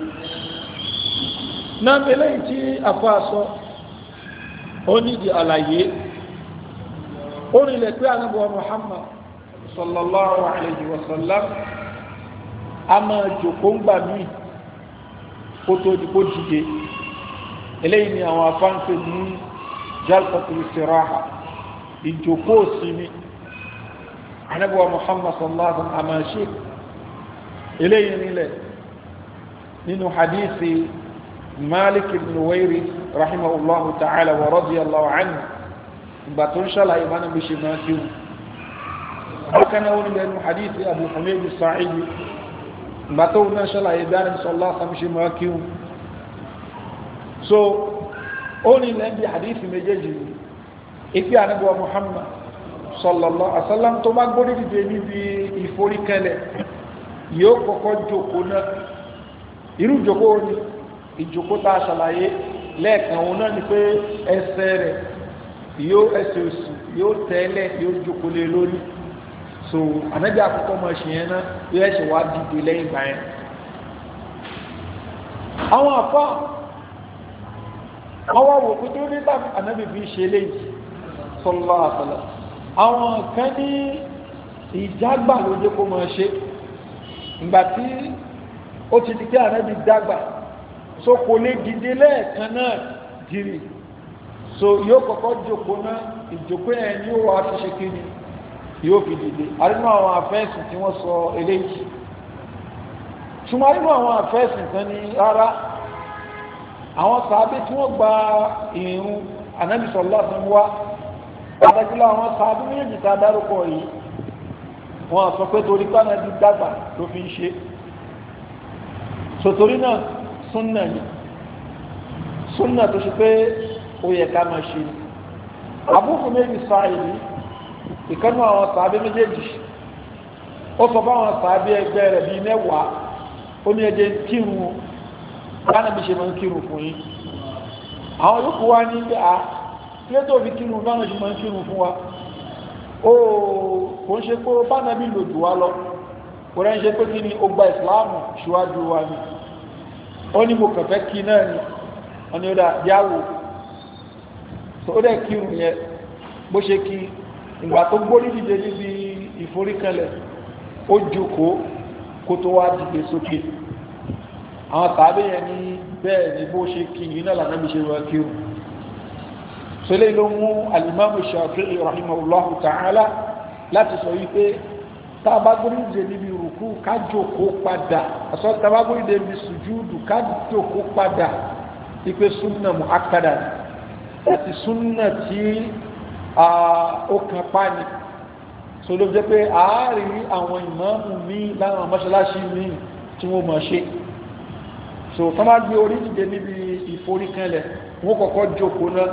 náà bẹ̀lẹ̀ tí afọ́ àṣọ ó nídìí àlàyé ó rinlẹ̀ pé anábọ̀ Muhammad sallallahu alayhi wa sallam a máa jòkó ń gbà míì kó tó di kó dìde eléyìí ni àwọn afáǹfẹ̀ ní jálpọ̀ kìrìsìráhà ìjòkó òsì ni anabuwa muhammad sallallahu alaihi wasallam amashi eléyìí nílẹ̀ nínú hadithi malik ibn wairi rahimahullahu ta'ala wa radiyallahu anhu ìgbà tó ń ṣàlàyé mọ́nà bí ṣe máa kíwù bákan náà wọn lẹ́nu hadithi abu hamid sa'idi ìgbà tó ń ṣàlàyé dáná sallallahu ṣe máa kíwù so ó ní lẹ́ndì hadithi méjèèjì ìpí anabuwa muhammad sọlọlọ àsálàm tó bá gbórí dìde níbi ìforíkẹlẹ̀ yóò kọ́kọ́ jòkó náà irú jòkó ni ìjòkó tá a ṣàlàyé lẹ́ẹ̀kan òun náà ni pé ẹsẹ̀ rẹ̀ yóò ẹsẹ̀ òsì yóò tẹ́lẹ̀ yóò jòkó lé lórí so ànábì àkókò ọmọ ẹ̀sìn yẹn náà yóò ẹ̀sẹ̀ wá dìde lẹ́yìn ìgbà yẹn. àwọn àfa àwọn àwòkútó nígbà ànábì fi ṣe eléyìí sọlọ àṣàlàyé àwọn kan ní ìdágbà ló jẹ́ kó máa ṣe ìgbà tí ó ti di kí ànábì dágbà so kò lè dìde lẹ́ẹ̀kan náà gírì so yóò kọ́kọ́ jòkó náà ìjòkó yẹn ni ó wà fi ṣe kí ni yóò fi dìde àrínú àwọn àfẹ́sì tí wọ́n sọ eléyìí ṣùgbọ́n àrínú àwọn àfẹ́sì kan ní rárá àwọn sàábé tí wọ́n gba ìrún ànábì sallallahu alaihi wasallam pàtàkì làwọn sábà méjì tá a dárúkọ yìí wọn sọ pé torí pé ànábì dàgbà ló fi ń ṣe sòtòrí náà súnà ni súnà tó ṣe pé ó yẹ ká máa ṣe ni àbúkù méjì sáàyè ìkànnì àwọn sàábé méjèèjì ó sọ fáwọn sàábé ẹgbẹ́ rẹ̀ bíi mẹ́wàá ó ní ẹjẹ kírun báwọn ẹbí ṣe máa ń kírun fún yín àwọn yòókù wá ní à tí ó tó fi kírun bá náà ṣe máa ń kírun fún wa ó kò ń ṣe pé bánàbí lò jù wá lọ kò rẹ́ ń ṣe pé kí ni ó gba ìsìláàmù ṣíwájú wa ni ó ní mo kàn fẹ́ kí náà ni wọ́n ní ó dà yáwò tó ó dẹ̀ kírun yẹn bó ṣe kí ìgbà tó gbórí dìde níbi ìforíkanlẹ̀ ó jókòó kó tó wá dìde sókè àwọn tàbí yẹn ní bẹ́ẹ̀ ni bó ṣe kí yìí náà lànà mi ṣe wá kírun sọlẹ́ ló mú alimami shafi'i rahimahullahu ta'ala láti sọ yìí pé tabagbóríde níbi rùkú kájòkó padà àsọ tabagbóríde níbi sùjúdù kájòkó padà ipe súnà mu akada láti súnà tí ó kan pani sọlọ́ jẹ́ pé àárín àwọn ìmáàmù mi láwọn mọ́ṣáláṣí mi tí wọ́n mọ̀ ṣe so tọ́ bá gbé níbi ìforíkanlẹ̀ wọ́n kọ́kọ́ jókòó náà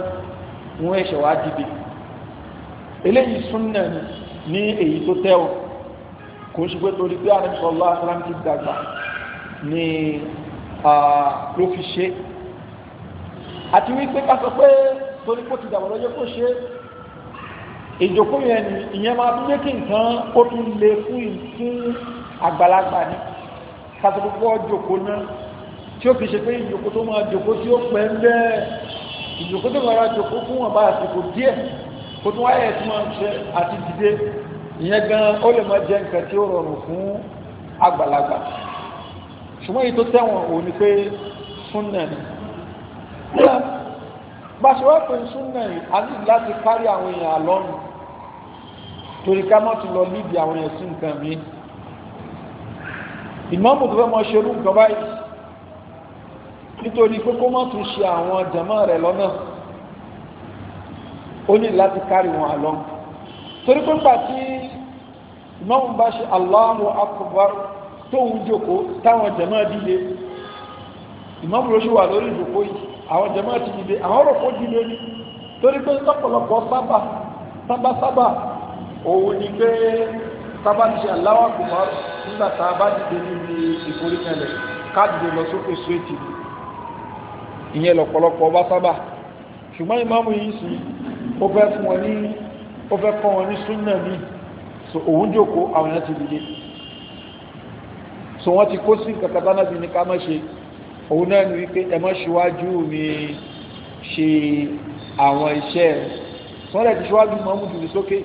wọ́n ẹ̀ṣẹ̀ wá dìde eléyìí súnnà ní èyí tó tẹ́wọ̀n kò ṣe pé torí pé àrùn sọlá asálám dàgbà ni ló fi ṣe àti wípé ká sọ pé torí pé ó ti dàgbà lọ́jọ́ kó ṣe ìjókòó yẹn ni ìyẹn máa tún lékè nǹkan ó tún lè fún ìfún àgbàlagbà ni ká sọ pé ó jókòó náà tí ó fi ṣe pé ìjókòó tó máa jókòó tí ó pẹ́ ń bẹ́ẹ̀ ìjòkó tó lọ́ra jòkó fún wọn bá àsìkò díẹ̀ kó tún wáyé tí wọ́n ṣe àti dìde ìyẹn gan ó lè má jẹ́ nǹkan tí ó rọrùn fún àgbàlagbà ṣùgbọ́n èyí tó tẹ̀wọ̀n ò ní pé súnà ni bá ṣe wá pé súnà yìí a ní láti kárí àwọn èèyàn àlọ́nù torí ká má tún lọ níbi àwọn ẹ̀sìn nǹkan mi ìmọ̀ọ́mù tó fẹ́ mọ ṣerú nǹkan báyìí nítorí pé kó má tún ṣe àwọn jàmá rẹ̀ lọ́nà ó ní láti kárí wọn àlọ́ torí pé nígbà tí imam bá ṣe Allahu akbar tóun jókòó táwọn jàmá dìde imam ló ṣe wà lórí ìjókòó yìí àwọn jàmá ti dìde àwọn rò kó dìde ni torí pé lọ́pọ̀lọpọ̀ sábà sábà sábà òun ni pé sábà ti ṣe Allahu akbar nígbà tá a bá dìde níbi ìforíkẹlẹ̀ ká dìde lọ sókè sóètì ni ìyẹn lọ̀pọ̀lọpọ̀ ọba sábà ṣùgbọ́n ìmáàmù yìí sí ó fẹ́ fún wọn ní ó ní so òun jòkó àwọn èèyàn ti dìde so wọ́n ti kó sí kankan tánà bí ní ká má ṣe òun náà ní wípé ẹ má ṣíwájú mi ṣe àwọn iṣẹ́ rẹ̀ wọ́n rẹ̀ ṣíwájú mọ́mú dùn sókè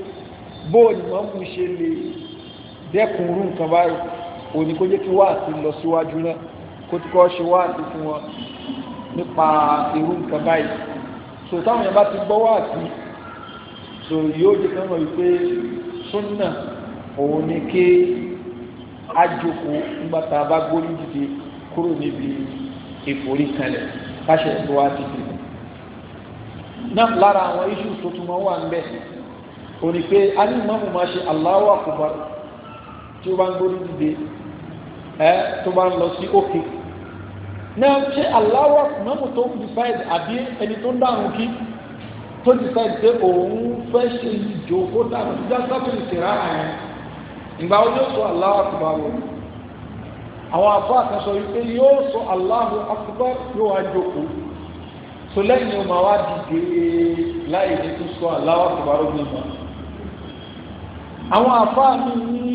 bóò ni mọ́mú ṣe lè dẹ́kun rú nǹkan báyìí òní kó jẹ́ kí wá àti lọ síwájú náà kó tó kọ́ ṣe wá àti fún wọn nípa irú nǹkan báyìí so táwọn yẹn bá ti gbọ́ wá sí so yóò jẹ́ kí wọ́n mọ̀ súnà òun ni kí á nígbà tá a bá gbórí dìde kúrò níbi ìforí kanlẹ̀ káṣẹ̀ tó wá ti dìde náà lára àwọn iṣu tó tún máa wà ń bẹ̀ òun ni pé a ní mọ́mù máa ṣe Allahu Akbar tí ó bá ń gbórí dìde ẹ tó bá ń lọ sí òkè. Okay náà ṣe aláwọ̀ mọ́mù tó ń decide àbí ẹni tó ń dáhùn kí tó decide pé òun fẹ́ ṣe ìjò kó dáhùn kí já sábìlì sì rà ẹ̀ ìgbà ojú sọ aláwọ̀ tó bá wọ̀ àwọn afọ àkànṣọ wípé yóò sọ aláwọ̀ akúbọ̀ yóò wá jókòó tó lẹ́yìn o máa wá dìde láì ní tó sọ aláwọ̀ tó bá wọ̀ nígbà àwọn afọ àmì ní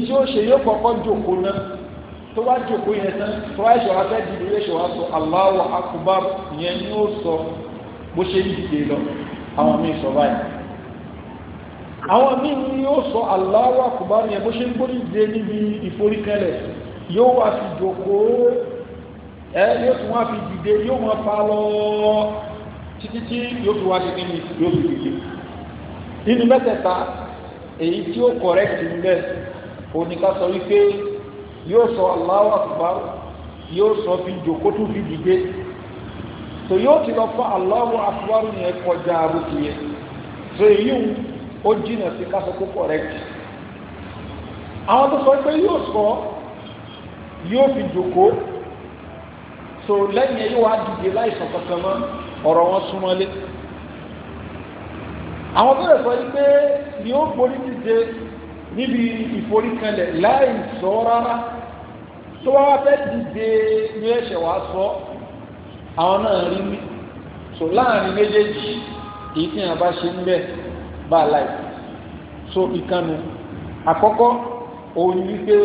ní ó ṣe yóò kọ́kọ́ jókòó náà. tó wá jòkó yẹn tán tó wá ìṣòro afẹ́ dìde sọ yẹn ni ó sọ bó ṣe ń dìde lọ àwọn míì sọ báyìí àwọn míì ni ó sọ Allahu akụba yẹn bó ṣe ń gbórí dìde níbi ìforíkẹlẹ̀ yóò wá fi jòkó ẹ yóò tún wá fi dìde lọ títí tí fi wá yóò fi dìde nínú mẹ́tẹ̀ẹ̀ta èyí yóò sọ Allahu Akbar yóò sọ fi jòkó tó fi dìde tó yóò ti lọ fún Allahu Akbar yẹn kọjá àbùkù yẹn tó èyí ń ó jìnà sí ká sọ kó kọ̀rẹ́kì àwọn tó sọ pé yóò sọ yóò fi jòkó so lẹ́yìn ẹ̀ yóò wá dìde láìsàn kankan mọ́ ọ̀rọ̀ wọn súnmọ́lé àwọn tó lè sọ yìí pé ni ó borí dìde níbi ìforíkanlẹ̀ láì sọ rárá tó wá wá fẹ́ dìde ní ẹ̀ṣẹ̀ wá sọ àwọn náà rí mi so láàrin méjèèjì èyí tí wọn bá ṣe ń bẹ bá láì so ìkànnì àkọ́kọ́ òun wípé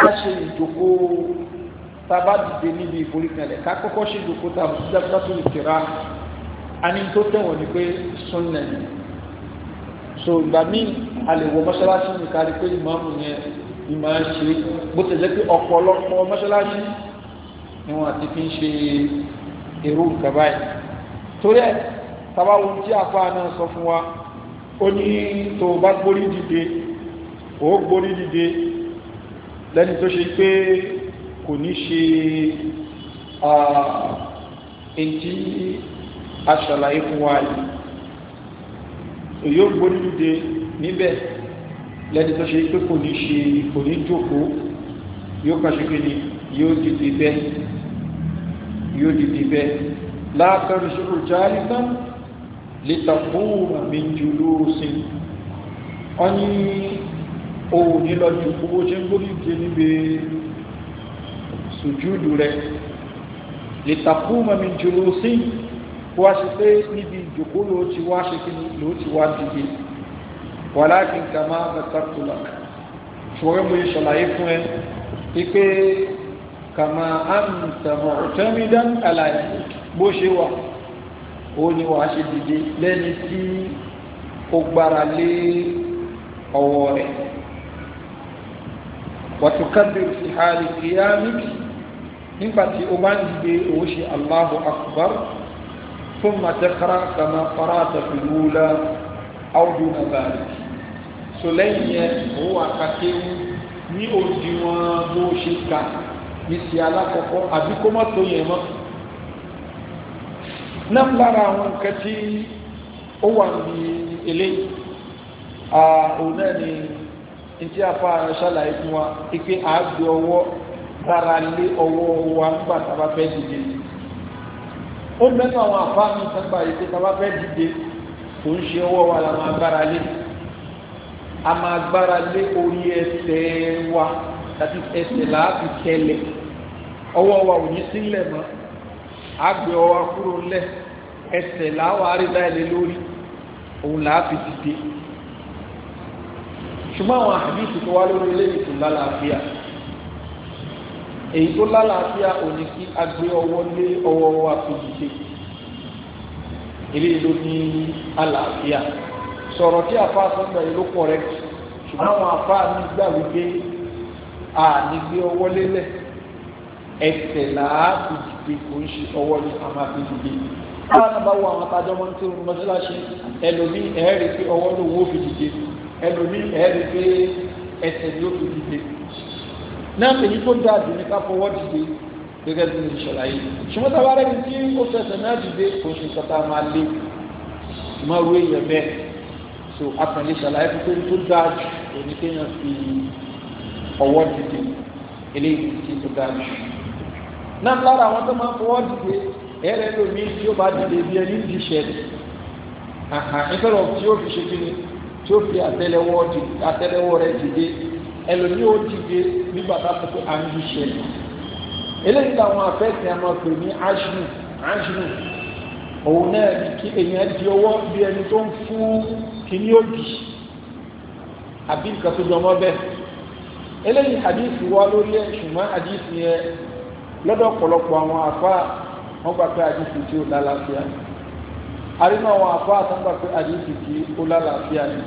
ká ṣe ìjòkó tá a bá dìde níbi ìforíkanlẹ̀ ká kọ́kọ́ ṣe ìjòkó tá a bá tó lè tẹ̀ra a ní tó tẹ̀wọ̀n ni pé sunna so ìgbà míì a lè wọ mọ́ṣáláṣí nìkan rí pé ìmáàmù yẹn ni máa ń ṣe bó ti jẹ́ pé ọ̀pọ̀lọpọ̀ mọ́ṣáláṣí ni wọ́n àti fi ń ṣe èrò nǹkan báyìí torí ẹ̀ tábàwọn tí àfa náà sọ fún wa ó ní tó bá gbórí dìde ó gbórí dìde lẹ́ni tó ṣe pé kò ní ṣe ẹ̀ǹtí aṣàlàyé fún wa yìí so yóò gbóni dìde níbẹ̀ lẹ́ni tó ṣe pé kò ní ṣe kò ní jókòó yóò kàn ṣe pé ni yóò dìde bẹ́ẹ̀ yóò dìde bẹ́ẹ̀ láàkàrí ṣòro jáde tán lè tàkùnrà mi jù lóòsìn wọ́n ní òun ní lọ ju owó ṣe gbóni dìde níbi sùjúdù rẹ̀ lè tàkùnrà mi jù lóòsìn kó wá ṣe pé níbi ìjòkó ló ti wá ṣe kí ló ti wá dìde wàláàkì nǹkan máa bàtàkùlà ṣùgbọ́n mo lè ṣàlàyé fún ẹ pé kàmá àǹtàmọ̀ ọ̀tẹ́mídán àlàyé bó ṣe wà ó ní wàá ṣe dìde lẹ́ni tí ó gbára lé ọwọ́ rẹ̀ wàtúkàbẹ̀rù sí hàlì kìyàmìkì nígbà tí ó bá ń dìde ó ṣe Allahu akbar. ثم تقرأ كما قرأت في الأولى أو دون ذلك سليم هو كثير ní òdiwọ̀n bó ṣe kà ní ti alákọ̀ọ́kọ́ àbí kó má tó yẹn mọ́ náà lára àwọn nǹkan tí ó wà ní eléyìí òun náà ni ntí afa ṣàlàyé fún wa pé àgbẹ̀ ọwọ́ rárá lé ọwọ́ wa nígbà tá a bá fẹ́ dìde yìí ó mẹ́nu àwọn àfáàmì sọ́gbà yìí pé tàbá fẹ́ dìde kò ń ṣe ọwọ́ wa la máa gbára lé a máa gbára lé orí ẹsẹ̀ wa àti ẹsẹ̀ láàbì tẹ́lẹ̀ ọwọ́ wa ò ní sílẹ̀ mọ́ àgbẹ̀ ọwọ́ kúrò lẹ̀ ẹsẹ̀ làwọn àrídá ẹ̀ lé lórí òun làáfi dìde ṣùgbọ́n àwọn àdìsí tó wá lórí eléyìí kò lálàáfíà èyí tó lálàáfíà òní kí a gbé ọwọ́ lé ọwọ́ wa fi dìde eléyìí ló ní àlàáfíà sọ̀rọ̀ tí àfa àtúntò yìí ló correct ṣùgbọ́n àwọn àfa mi gbà wípé a ní gbé ọwọ́ lélẹ̀ ẹsẹ̀ làá fi dìde kò ń ṣe ọwọ́ ní a máa fi dìde báwa náà bá wọ àwọn atajọ́ máa ń tí wọn mọ́ṣáláṣí ẹlòmíì ẹ̀ẹ́rì pé ọwọ́ ló wó fi dìde ẹlòmíì ẹ̀ẹ́rì pé ẹsẹ̀ ló fi dìde náà èyí tó dáa jù ní ká fọwọ́ dìde gẹ́gẹ́ bí mo ti ṣàlàyé ṣùgbọ́n tá a bá rẹ́ni tí ó fẹsẹ̀ náà dìde kò sí kọta máa lé máa wé yẹn bẹ́ẹ̀ so akànlé ṣàlàyé pé tó dáa jù òní kéèyàn fi ọwọ́ dìde eléyìí tí tó dáa jù náà lára àwọn tó máa fọwọ́ dìde ẹ̀rẹ́ lómi tí ó bá dìde bí ẹni di ṣẹlẹ̀ àhàn ìfẹ́rọ̀ tí ó fi ṣe kí ni tí ó fi àtẹ́lẹwọ́ rẹ̀ dìde ẹlòmí ó dìde nígbà tá a sọ pé à ń bí ṣe eléyìí làwọn afẹ́sìn àmọ́ pè ní ashnu ashnu òun náà ní kí èèyàn di ọwọ́ bí ẹni tó ń fún kíní òbí àbí nǹkan tó jọmọ́ bẹ́ẹ̀ eléyìí hadith wá lórí ẹ̀ ṣùgbọ́n hadith yẹn lọ́dọ̀ ọ̀pọ̀lọpọ̀ àwọn afá wọ́n gbà pé hadith tí ó lálàáfíà àrínà àwọn afá tó ń gbà pé hadith tí ó lálàáfíà ni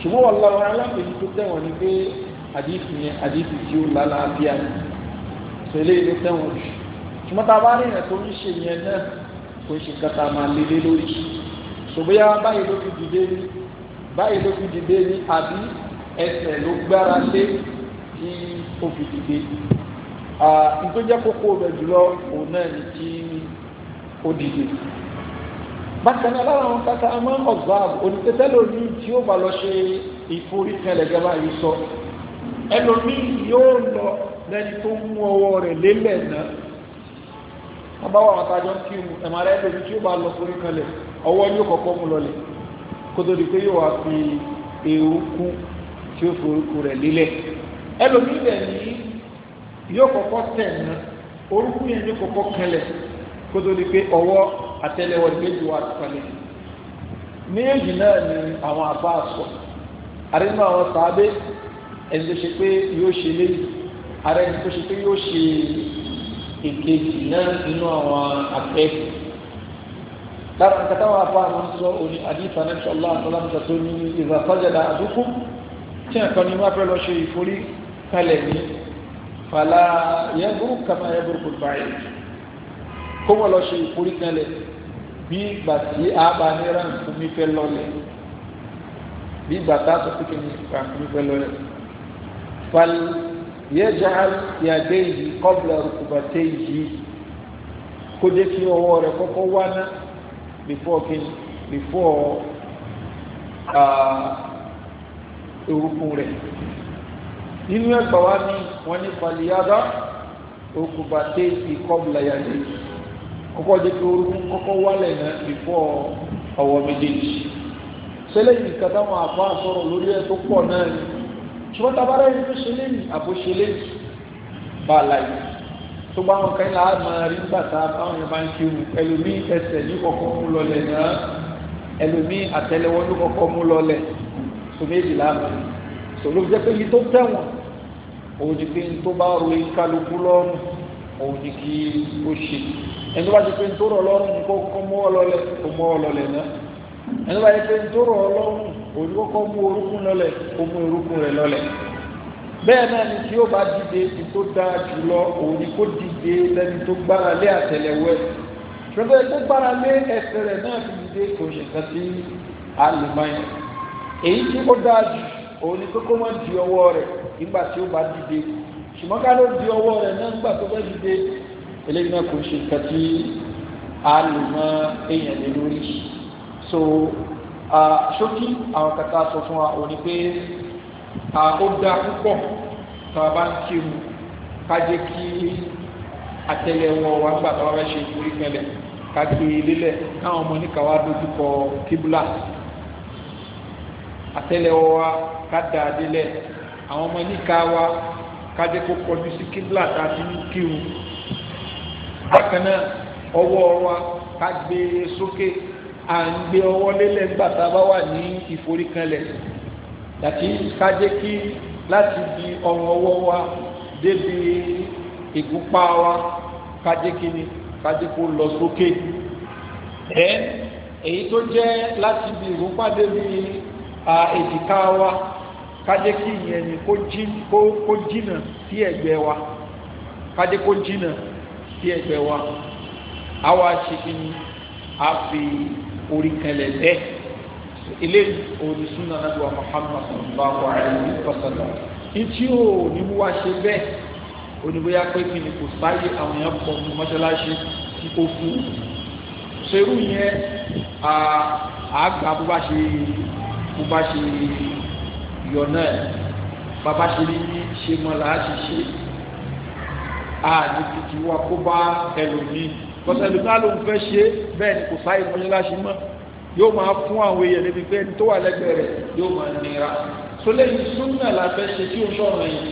ṣùgbọ́n wàlúwàlú aláǹgbèjì tó tẹ̀wọ̀n ni pé àdìsí yẹn àdìsí tí ó lálàáfíà ni tẹ̀lé ìlú tẹ̀wọ̀n jù ṣùgbọ́n tá a bá rìnrìn tó ń ṣe yẹn náà kò ṣe kàtà máa lélé lórí ṣòbóyá báyìí ló fi dìde ní báyìí ló fi dìde ní àbí ẹsẹ̀ ló gbára lé tí ó fi dìde nítorí jẹ́ kókó rẹ̀ jùlọ òun náà ni tí ó dìde bákan náà lára àwọn kàtà máa ń ọ̀gbà onítẹ̀tẹ̀ lónìí tí ó bá lọ ṣe ìforí kan lẹ́gẹ́ báyìí sọ ẹlòmíì yóò lọ lẹ́ni tó mú ọwọ́ rẹ̀ lélẹ̀ náà wọ́n bá wà àtàjọ kí mu ẹ̀mọ́ rẹ̀ lòmí tí ó bá lọ forí kanlẹ̀ ọwọ́ yóò kọ́kọ́ mú lọlẹ̀ kó tó di pé yóò wá fi èrúkú tí ó forúkú rẹ̀ lélẹ̀ ẹlòmíì dẹ̀ ní yóò kọ́kọ́ tẹ̀ náà orúkú yẹn yóò kọ́kọ́ kanlẹ̀ kó di pé ọwọ́ àtẹ́lẹwọ́ ìgbéjì wa ti kanlẹ̀ ní èyí náà ni àwọn àbá àṣọ àrínú àwọn sàábé ẹni tó ṣe pé yóò ṣe lé ara ẹni tó ṣe pé yóò ṣe èkejì náà nínú àwọn akẹ́kọ̀ọ́ lára nǹkan táwọn afọ àwọn sọ òní àdìsá náà ṣọlá àtọlámùsà tó ní ìzàsọjàdà àdúkù tí nǹkan ni wọn fẹ́ lọ ṣe ìforí kalẹ̀ ní fàlà yẹbùrú kàmá yẹbùrú kò báyìí kó wọn lọ ṣe ìforí kalẹ̀ bí ìgbà àbá ní ránkùnmí fẹ́ lọlẹ bí ìgbà tá a fẹ́ lọlẹ. فليجعل يديه قبل ركبتيه kó jẹ́ kí ọwọ́ rẹ̀ kọ́kọ́ wá ná before kin before orúkún rẹ̀ nínú ẹ̀gbà wa ni wọ́n ní faliyada okùnbàtẹ́ ìkọ́bùlà yàgbé kọ́kọ́ jẹ́ kí orúkún kọ́kọ́ wálẹ̀ náà before ọwọ́ méjèèjì sẹ́lẹ̀ yìí kàtàwọn àfa sọ̀rọ̀ lórí ẹ̀ náà ni ṣùgbọ́n tabara ẹni tó ṣe léyìn àbò ṣe léyìn bá a láyé tó bá wọn kẹ́lá máa rí gbàtà báwọn yẹn bá ń kírun ẹlòmíì ẹsẹ̀ ní kọ̀kọ́ mú lọlẹ̀ náà ẹlòmíì àtẹlẹwọ́ ní kọ̀kọ́ mú lọlẹ̀ tó méjì láàmú sòló jẹ́ pé iye tó tẹ̀wọ̀n òun ni pé tó bá ro ìkálukú lọ́rùn òun ni kí ó ṣe ẹni tó bá ti pé tó rọ̀ lọ́rùn kó mọ́ ọ lọlẹ̀ kó mọ́ ọ lọlẹ̀ náà ẹni tó bá ti pé tó rọ̀ lọ́rùn òun kọ́kọ́ mú orúkún lọ́lẹ̀ ó mú orúkún rẹ̀ lọ́lẹ̀ bẹ́ẹ̀ náà ni tí ó bá dìde ti tó dáa jùlọ òun ni kó dìde lẹ́ni tó gbára lé àtẹlẹwẹ́ ṣùgbọ́n tó gbára lé ẹsẹ̀ rẹ̀ náà fi dìde kò ṣe kan sí alùmáyà èyí tí o dáa jù òun ni kókó máa di ọwọ́ rẹ̀ nígbà tí ó bá dìde ṣùgbọ́n ká ló di ọwọ́ rẹ̀ náà nígbà tó bá dìde eléyìí náà kò ṣe kan sí alùmọ́ èèyàn lórí so ṣókí àwọn kàtà sọ fún wa òní pé ó dá púpọ̀ tá a bá ń kírun ká jẹ́ kí àtẹ́lẹwọ́ wa gbà tá a bá ṣe ìforí pẹ̀lẹ́ ká gbé e lélẹ̀ káwọn ọmọ oníkà wa dojú kọ kíbúlà àtẹ́lẹwọ́ wa ká dà á délẹ̀ àwọn ọmọ oníkà wa ká jẹ́ kó kọjú sí kíbúlà tá a ti ń kírun bákan náà ọwọ́ wa ká gbé e sókè à ń gbé ọwọ́ lélẹ̀ nígbà tá a bá wà ní ìforíkanlẹ̀ dàtí ká jẹ́ kí láti di ọrùn ọwọ́ wa débi ìgúnpá wa ká jẹ́ kí ni ká jẹ́ kó lọ sókè ẹ èyí tó jẹ́ láti di ìgúnpá débi èjìká wa kájẹ́ kí ìyẹn ni kó jìnà sí ẹ̀gbẹ́ wa kájẹ́ kó jìnà sí ẹ̀gbẹ́ wa àwa ṣìkìní a orí kanlẹ̀ bẹ́ẹ̀ ilé òní súnà nàbí wa Muhammad sallallahu alayhi wa sallam ntí o ní wá ṣe bẹ́ẹ̀ oníbóyá pé kí ni kò sáyé àwọn èèyàn pọ̀ ní mọ́ṣáláṣí tí ó fún ṣerú yẹn àgbà bó bá ṣe bó bá ṣe yọ náà bàbá ṣe ní ṣe mọ́ làá ṣe ṣe àdìtìtì wa kó bá ẹlòmíì kọsẹ̀lú ká ló ń fẹ́ ṣe bẹ́ẹ̀ ni kò sáyé mọ́ṣáláṣí mọ́ yóò máa fún àwọn èèyàn níbi pé ẹni tó wà lẹ́gbẹ̀ẹ́ rẹ̀ yóò máa nira so lẹ́yìn súnmọ́ la fẹ́ ṣe tí ó sọ̀rọ̀ yìí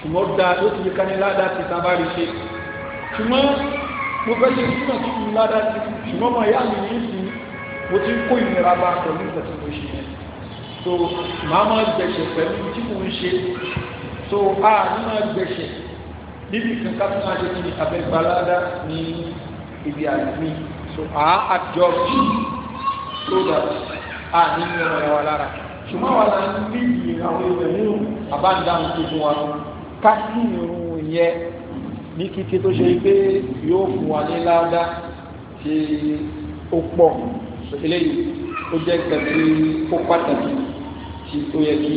ṣùgbọ́n da ló ti ká ní ládàá ti ta bá rí ṣe ṣùgbọ́n mo fẹ́ ṣe súnmọ́ tí mo ládàá ti ṣùgbọ́n mo yá mi ní ìsìn mo ti ń kó ìnira bá pẹ̀lú ìgbà tí mo ṣe yẹn so màá máa gbẹ̀ṣẹ̀ pẹ̀lú tí mo ń ṣe so a ní máa gbẹ̀ṣẹ̀ níbi kan ká fún adé ní abẹ́gbàládá ní ibi àìsí so à á àjọ so that a ní ní ọmọ ẹwà lára ṣùgbọ́n wà láti ní ìyè àwọn ìwẹ̀ nínú àbáǹdáhùn tuntun wa ká sí irun yẹn ní kíkí tó ṣe pé yóò fún wa ní ládá tí ó pọ̀ eléyìí ó jẹ́ kẹ̀kẹ́ ó pàtàkì tí ó yẹ kí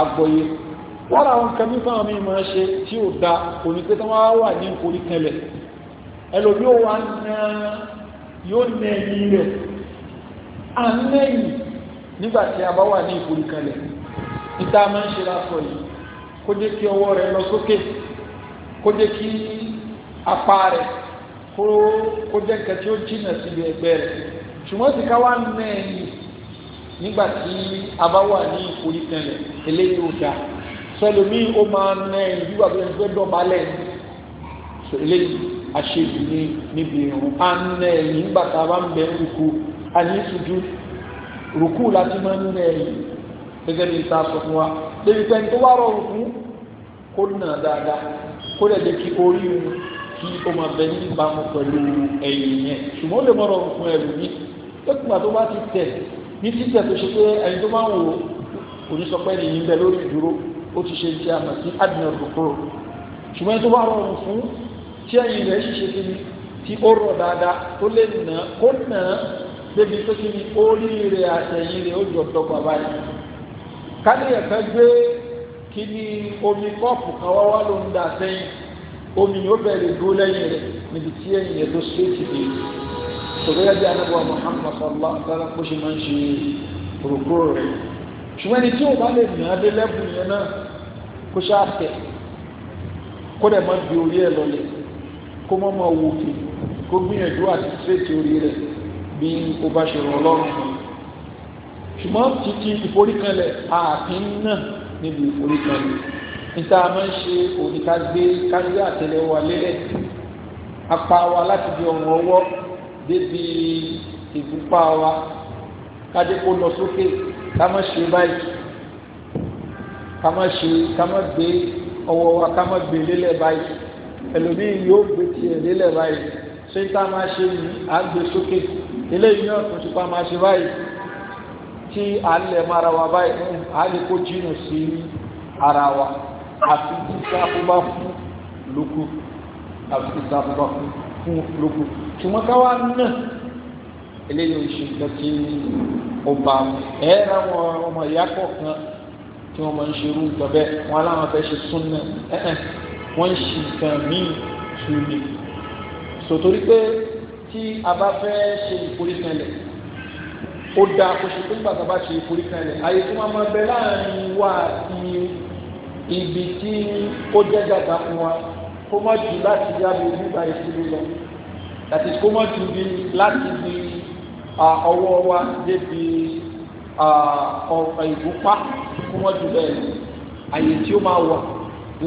agbóyè lára àwọn nǹkan nípa àwọn míì ṣe tí ò da kò ní pé tí wọ́n wà ní orí kẹlẹ̀ ẹlòmí ò wá ná yóò nẹ ẹ̀yìn rẹ̀ à ń lẹ́yìn nígbà tí a bá wà ní ìforí kalẹ̀ níta máa ń ṣe lásọ yìí kó jẹ́ kí ọwọ́ rẹ̀ lọ sókè kó jẹ́ kí apá rẹ̀ kó jẹ́ nǹkan tí ó jìnà síbi ẹgbẹ́ rẹ̀ ṣùgbọ́n tí ká wá nẹ ẹ̀yìn nígbà tí a bá wà ní ìforí kalẹ̀ eléyìí ò dáa sẹlẹmi ó máa nẹ ìdíwà tó yẹn fẹ́ dọ̀bálẹ̀ eléyìí aṣèlú ní níbi irun à ń nẹ ẹ̀yìn nígbà tá a bá ń bẹ rúkú a ní ìtújú rúkú láti máa ń nẹ ẹ̀yìn gẹ́gẹ́ bí ìta sọ fún wa débi pẹ́ni tó wá rọ rúkú kó nà dáadáa kó lè jẹ́ kí orí wọn kí ó máa bẹ ní ìbámu pẹ̀lú ẹ̀yìn yẹn ṣùgbọ́n ó lè mọ̀ rọ rúkú ẹ̀rù ní lẹ́kùnbà tó bá ti tẹ̀ ní títẹ̀ tó ṣe pé ẹni tó máa ń wò oníṣọpẹ́ nìyí ń bẹ lórí ìdúró ó ti ṣe ti àmọ̀ sí adìyẹ òkúrò ṣùgbọ́n tó bá rọrùn fún tí ẹ̀yìn rẹ̀ ṣiṣẹ́ kí ni tí ó rọ̀ dáadáa ó lè nà kó nà á débi tó kí ni ó rí rẹ̀ àtẹ̀yìn rẹ̀ ó jọ dọ́gba báyìí. káníyẹ̀ kan gbé kí ni omi kọ́ọ̀pù kan wá wá ló ń dà sẹ́yìn omi yóò bẹ̀rẹ̀ dúró lẹ́yìn rẹ̀ níbi tí ẹ̀yìn rẹ̀ tó ṣe ti dé. sọ̀rọ̀ bí anábọ̀ Muhammad sallallahu ṣùgbọ́n ẹni tí ò bá lè nà á dé lẹ́bùn yẹn náà kó ṣáà tẹ̀ kó dẹ̀ má gbé orí ẹ̀ lọlẹ̀ kó má má wò òkè kó gbìyànjú àti sírètì orí rẹ̀ bí o bá ṣe rọ̀ lọ́rùn ṣùgbọ́n títí ìforíkanlẹ̀ ààfin náà níbi ìforíkanlẹ̀ níta máa ń ṣe òníta gbé kájú àtẹ́lẹwọ́ lélẹ̀ apá wa láti di ọrùn ọwọ́ débi ìgúnpá wa kájé kó lọ sókè ká má ṣe báyìí Kama má ṣe ká má gbé ọwọ́ wa ká má gbé lélẹ̀ báyìí ẹlòmíì yóò gbé tiẹ̀ lélẹ̀ báyìí ṣé tá a máa ṣe ní àgbè sókè eléyìí náà kò tún máa ṣe báyìí tí a mara wa báyìí a lè kó jìnnà sí ara wa àfi títí àkóbá fún lóko àfi títí àkóbá fún lóko ṣùgbọ́n káwa náà eléyìí ò ṣe nǹkan tí ó bá ẹ̀ ẹ́ ra wọn ọmọ ìyá kọ̀ọ̀kan tí wọ́n máa ń ṣe irú nǹkan bẹ́ẹ̀ wọ́n aláwọn fẹ́ ṣe súnà ẹ̀ẹ́n wọ́n ń ṣe nǹkan míì tù ní. sòtórí pé tí a bá fẹ́ ṣe ìforíkanlẹ̀ ó da oṣù tó ń gbàgbà bá ṣe ìforíkanlẹ̀ àyè tí wọ́n máa bẹ láàrin wa àti ibi tí ó jẹ́ gàgà fún wa kó má jù láti yá mi nígbà ìṣúlù lọ àti kó má jù bí láti bí ọwọ́ wa débi ọ̀pọ̀ ìbúpá kí wọ́n jù bẹ́ẹ̀ lọ àyè tí ó máa wà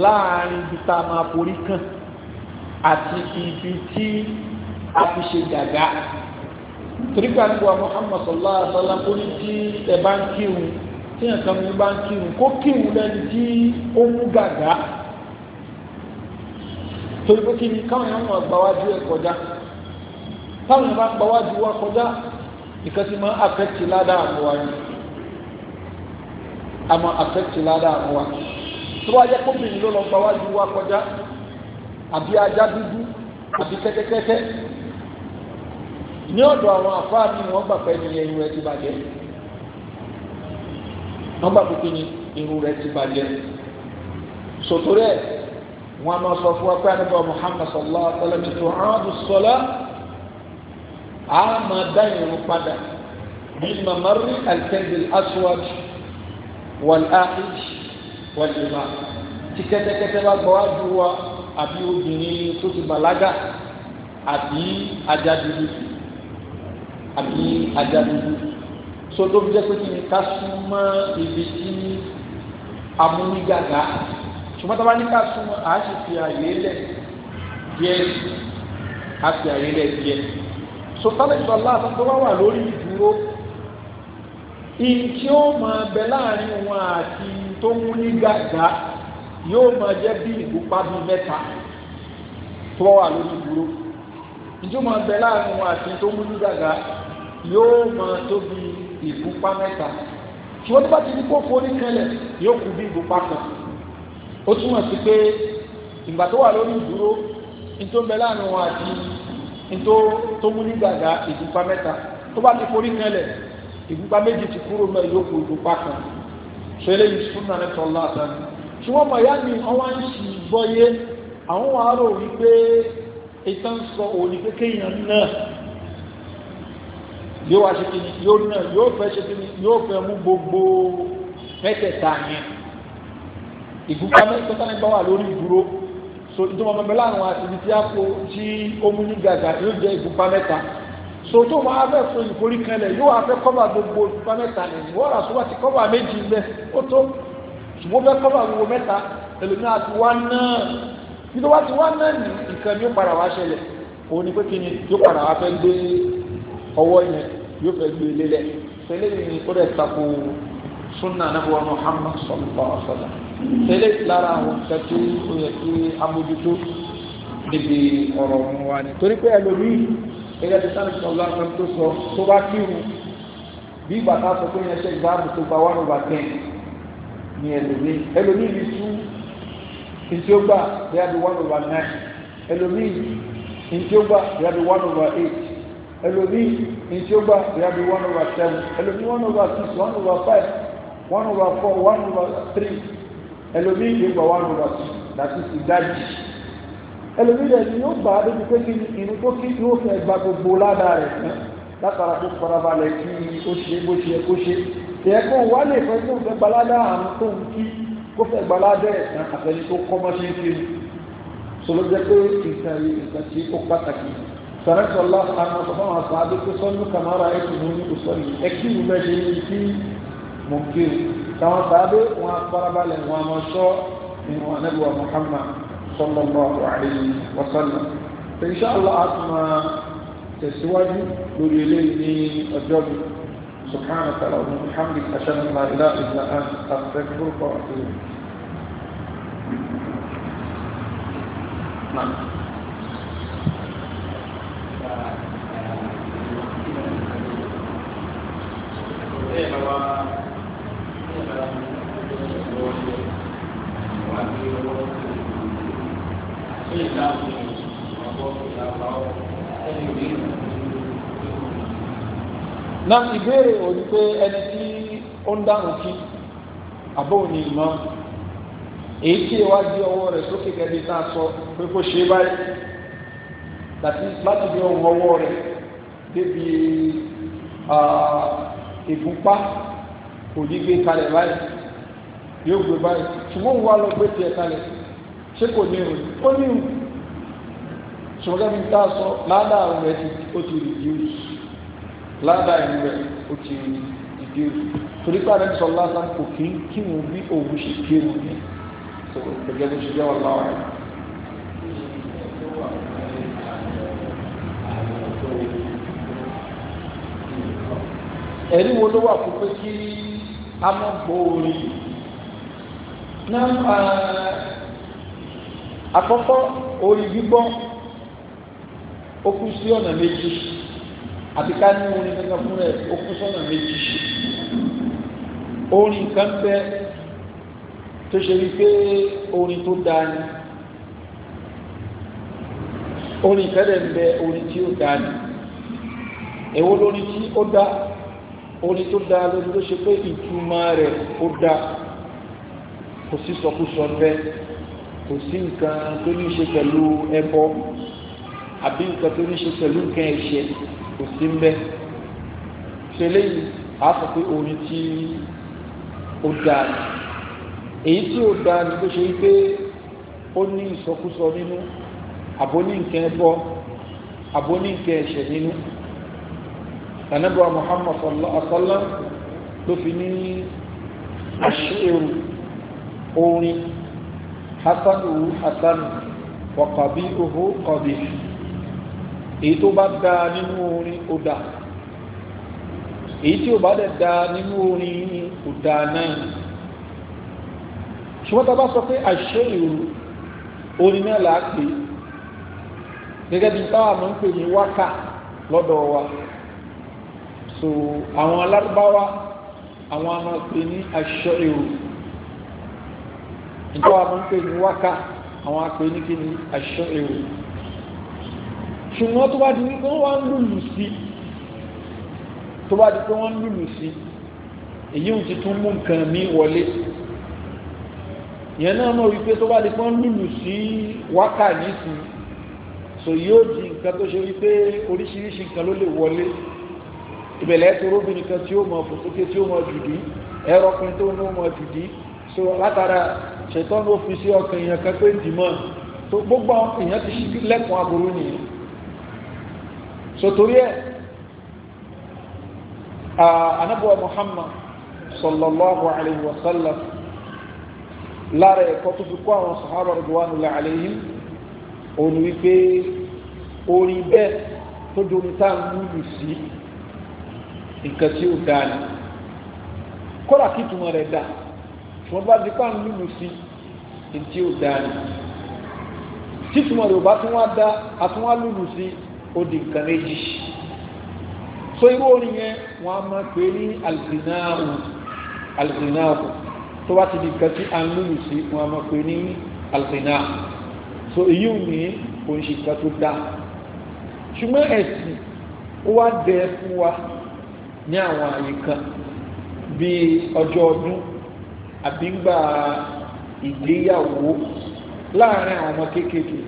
láàrin ibi tá a máa forí kàn àti ibi tí a fi ṣe gàgà torípé àgbà Muhammad sallallahu alaihi wa sallam ó ní tí ẹ bá ń kírun tí nǹkan mi bá ń kírun kó kírun lẹ́ni tí ó mú gàgà torípé kí ni káwọn yẹn wọn gbà wájú kọjá táwọn yẹn bá gbà wa kọjá nǹkan tí máa affect ládàá àmú wa ni a máa affect ládàá àmú wa tó bá yẹ kóbìnrin ló lọ gba wá ju wa kọjá àbí ajá dúdú àbí kẹ́kẹ́kẹ́kẹ́ ní ọ̀dọ̀ àwọn àfáà mi wọ́n gbà pé ní irun rẹ̀ ti bàjẹ́ wọ́n gbà pé ní irun rẹ̀ ti bàjẹ́ sòtòrẹ́ wọn a máa sọ fún wa pé àdébọ̀ Muhammad sallallahu alaihi wa sallam ètò àádùn sọlá a máa dá ìrún padà bí mamari alkendil aswad wal-ahij wal-ima tí kẹ́tẹ́kẹ́tẹ́ bá gbọ́ wájú wa àbí obìnrin tó ti bàlágà àbí ajá dúdú àbí ajá dúdú sọdọ́ bí jẹ́ pé kí ni ká súnmọ́ ibi tí amúnigàgà ṣùgbọ́n tábà ní ká súnmọ́ àá sì fi àyè lẹ̀ díẹ̀ á fi àyè lẹ̀ díẹ̀ sọtálẹ̀ ìsọ̀lá tó wá wà lórí ìdúró ìtí ó máa bẹ láàrin wọn àti tó mú ní gàgà yóò máa jẹ́ bí ìgbópa bíi mẹ́ta tó wà lórí ìdúró ìtí ó máa bẹ láàrin wọn àti tó mú ní gàgà yóò máa tóbi ìgbópa mẹ́ta ṣùgbọ́n tó bá ti ní kó forí kẹlẹ̀ yóò kú bí ìgbópa kan ó túmọ̀ sí pé ìgbà tó wà lórí ìdúró ìtí bẹ láàrin wọn àti nítorí tó mú ní gàgà ìdúpá mẹ́ta tó bá ti forí kanlẹ̀ ìdúpá méjì ti kúrò mẹ́ yóò kó ìdúpá kan ṣe eléyìí súnà ní tọ́lá àtàní tí wọ́n mọ̀ yá ni ọwá ń sì gbọ́yé àwọn wà rò wípé ìtàn sọ òní pé kéèyàn náà yóò wá ṣe kíni yóò náà yóò fẹ́ ṣe kíni yóò fẹ́ mú gbogbo mẹ́tẹ̀ẹ̀ta yẹn ìdúpá mẹ́tẹ̀ẹ̀ta nígbà wà lórí ìdúró so ìdánwò ọmọ bẹ́ẹ̀ láwọn àtìbí tí a kó tí ó ní gàgà yóò jẹ́ ìgúnpá mẹ́ta so tó máa fẹ́ fún ìforí kanlẹ̀ yóò wá fẹ́ kọ́bà gbogbo ìgúnpá mẹ́ta nìyí wọ́n rà sọ́wọ́ ti kọ́bà méjì ń bẹ́ ó tó ṣùgbọ́n fẹ́ kọ́bà gbogbo mẹ́ta ẹlòmíà ti wá náà nítorí wá ti wá náà ní nǹkan yóò padà wá ṣẹlẹ̀ òun ni pé kí ni yóò padà wá fẹ́ gbé ọwọ́ yẹn yóò fẹ́ gbé lélẹ̀ tẹ́lẹ̀ ni ó dẹ̀ takò sunna anabuwa muhammad sallallahu alaihi wa sallam tẹ́lẹ̀ lára àwọn nǹkan tí ó yẹ kí amójútó níbi ọ̀rọ̀ ọ̀hún wa ni torí pé ẹlòmíì gẹ́gẹ́ bí sáà sọ lọ́sọ̀ tó sọ tó bá kírun bí ìgbà tá a sọ pé yẹn ṣe ìgbàmù tó gba one over ten ni ẹlòmíì ẹlòmíì ní tú ìtí ó gbà bí a bí one over nine ẹlòmíì ìtí ó gbà bí a bí one over eight ẹlòmíì ìtí ó gbà bí a bí one over seven ẹlòmíì one over six one over five one over four one over three ẹlòmíì lè one over two láti fi dájì ẹlòmíì lè ní ó gbà á débi pé kí inú tó kí yóò fẹ́ gba gbogbo ládàá rẹ̀ tán látara kó farabalẹ̀ kí ó ṣe bó ṣe kó ṣe ìyẹn kó wá lè fẹ́ tó fẹ́ gba ládàá àrùn tó ń kí kó fẹ́ gba ládàá ẹ̀ tán àtẹni tó kọ́ mọ́ ṣe ń kiri sọlọ́ jẹ́ pé ìtàn yìí ìtàn tí ó pàtàkì sọ̀rọ̀ sọ̀lá àwọn ọ̀sán àwọn àṣà àdókòsọ́nù kàmárà ẹ̀kùnrin ní òṣèlú ẹ̀kí ìmẹ́ṣe ní ti mọ̀nkiri táwọn sábẹ́ wọn afárabalẹ̀ wọn àwọn sọ nínú anábíwá Muhammad sallallahu alaihi wasallam sallam insha Allah àtúmọ̀ tẹ̀síwájú lórí eléyìí ní ọjọ́ bí سبحانك اللهم وبحمدك اشهد ان لا اله الا انت استغفرك واتوب اليك Yeah, well, na ìbéèrè òní pé ẹni tí ó ń dáhùn kí àbóhùn ni ìmọ̀ èyí tí ìwádìí ọwọ́ rẹ̀ sókè kẹ́ni tá a sọ pé kó ṣe báyìí tàbí láti bí ohun ọwọ́ rẹ̀ débi ìgúnpá kò ní gbé kalẹ̀ báyìí yóò gbé báyìí ṣùgbọ́n wà lọ gbé tiẹ̀ kalẹ̀ sí ṣé kò ní ìròyìn ó ní ìròyìn ṣùgbọ́n mi ta sọ ládà rẹ̀ ti ó ti reduce ládà rẹ̀ ó ti reduce torí pé àrẹ sọ lásán kò kí ń kí wọn bí òun ṣe ké wọn ní so gẹ́gẹ́ bó ṣe jẹ́ wọn láwọn ẹ̀rí wo ló wà fún pé kí a mọ̀ gbọ́ orin náà àkọ́kọ́ orí gbígbọ́ ó kú sí ọ̀nà méjì àti ká ní orin kankan fún rẹ̀ ó kú sọ́nà méjì orin kan bẹ tó ṣe wípé orin tó dáa ni orin kẹlẹ̀ ń bẹ orin tí ó dáa ni èwo lórin tí ó dáa orin tó dáa lórí ló ṣe pé ìtumọ̀ rẹ̀ ó dáa kò sí sọkúsọ bẹ́ẹ̀ kò sí nǹkan tó ní ṣe pẹ̀lú ẹbọ àbí nǹkan tó ní ṣe pẹ̀lú nǹkan ẹ̀ṣẹ̀ kò sí ń bẹ ṣe léyìí a sọ pé orin tí ó dáa èyí tí ó dáa ni tó ṣe wípé ó ní ìsọkúsọ nínú àbó ní nǹkan ẹbọ àbó ní nǹkan ẹ̀ṣẹ̀ nínú tànàbọ̀ Muhammad sallallahu alaihi wa sallam ló fi ní aṣèrò orin hasanuhu hasanu wa qabihuhu qabih èyí tó bá ni nínú itu ó da èyí tí ó bá dẹ̀ da nínú orin ó da náà ṣùgbọ́n tá a bá sọ pé àṣẹ ìrù orin náà là á pè gẹ́gẹ́ bí táwa máa ń wa so àwọn alárúbáwá àwọn a máa pè ní nígbà wà máa ń pè ní wákà àwọn apè ní kíni aṣọ èrò ṣùgbọ́n tó bá di wípé wọ́n wá ń lùlù sí tó bá di pé wọ́n ń lùlù sí èyí ò ti tún mú nǹkan mi wọlé yẹn náà mọ̀ wípé tó bá di pé wọ́n ń lùlù sí wákà nísìnyí so yóò di nǹkan tó ṣe wípé oríṣiríṣi nǹkan ló lè wọlé ìbẹ̀lẹ̀ ẹ̀tọ́rọ̀ obìnrin kan tí ó mọ̀ fòsókè tí ó mọ̀ jùdí ẹ̀rọ ọkùnrin tó ń mọ̀ jùdí so látara ṣètọ́ ló fi sí ọkàn èèyàn kan pé dìmọ́ tó gbogbo àwọn èèyàn ti ṣí lẹ́kùn aburú nìyí sotori ẹ anabuwa Muhammad sallallahu alayhi wa sallam lára ẹ̀kọ́ tó fi kó àwọn sahaba ridwanullahi alayhim òní wípé orin bẹ́ẹ̀ tó dorí tá à ń múlù sí nǹkan tí ó dáa ni kódà kí tuma rẹ̀ dáa wọ́n bá di pa nílùú sí etí ò dáa ni títúmọ̀ yorùbá tí wọ́n á dá àtúnwá lùlù sí ó nǹkan méjì so irú orin yẹn wọ́n á máa pè ní alìsínáàwò alìsínáàwò tó bá ti di nǹkan tí à ń lùlù sí wọ́n á máa pè ní alìsínáàwò so èyí ò ní òun tó dáa ṣùgbọ́n ẹ̀sìn ó wá dẹ fún wa ní àwọn àyè bíi ọjọ́ ọdún àbí ń gba ìgbéyàwó láàrin àwọn ọmọ kéékèèké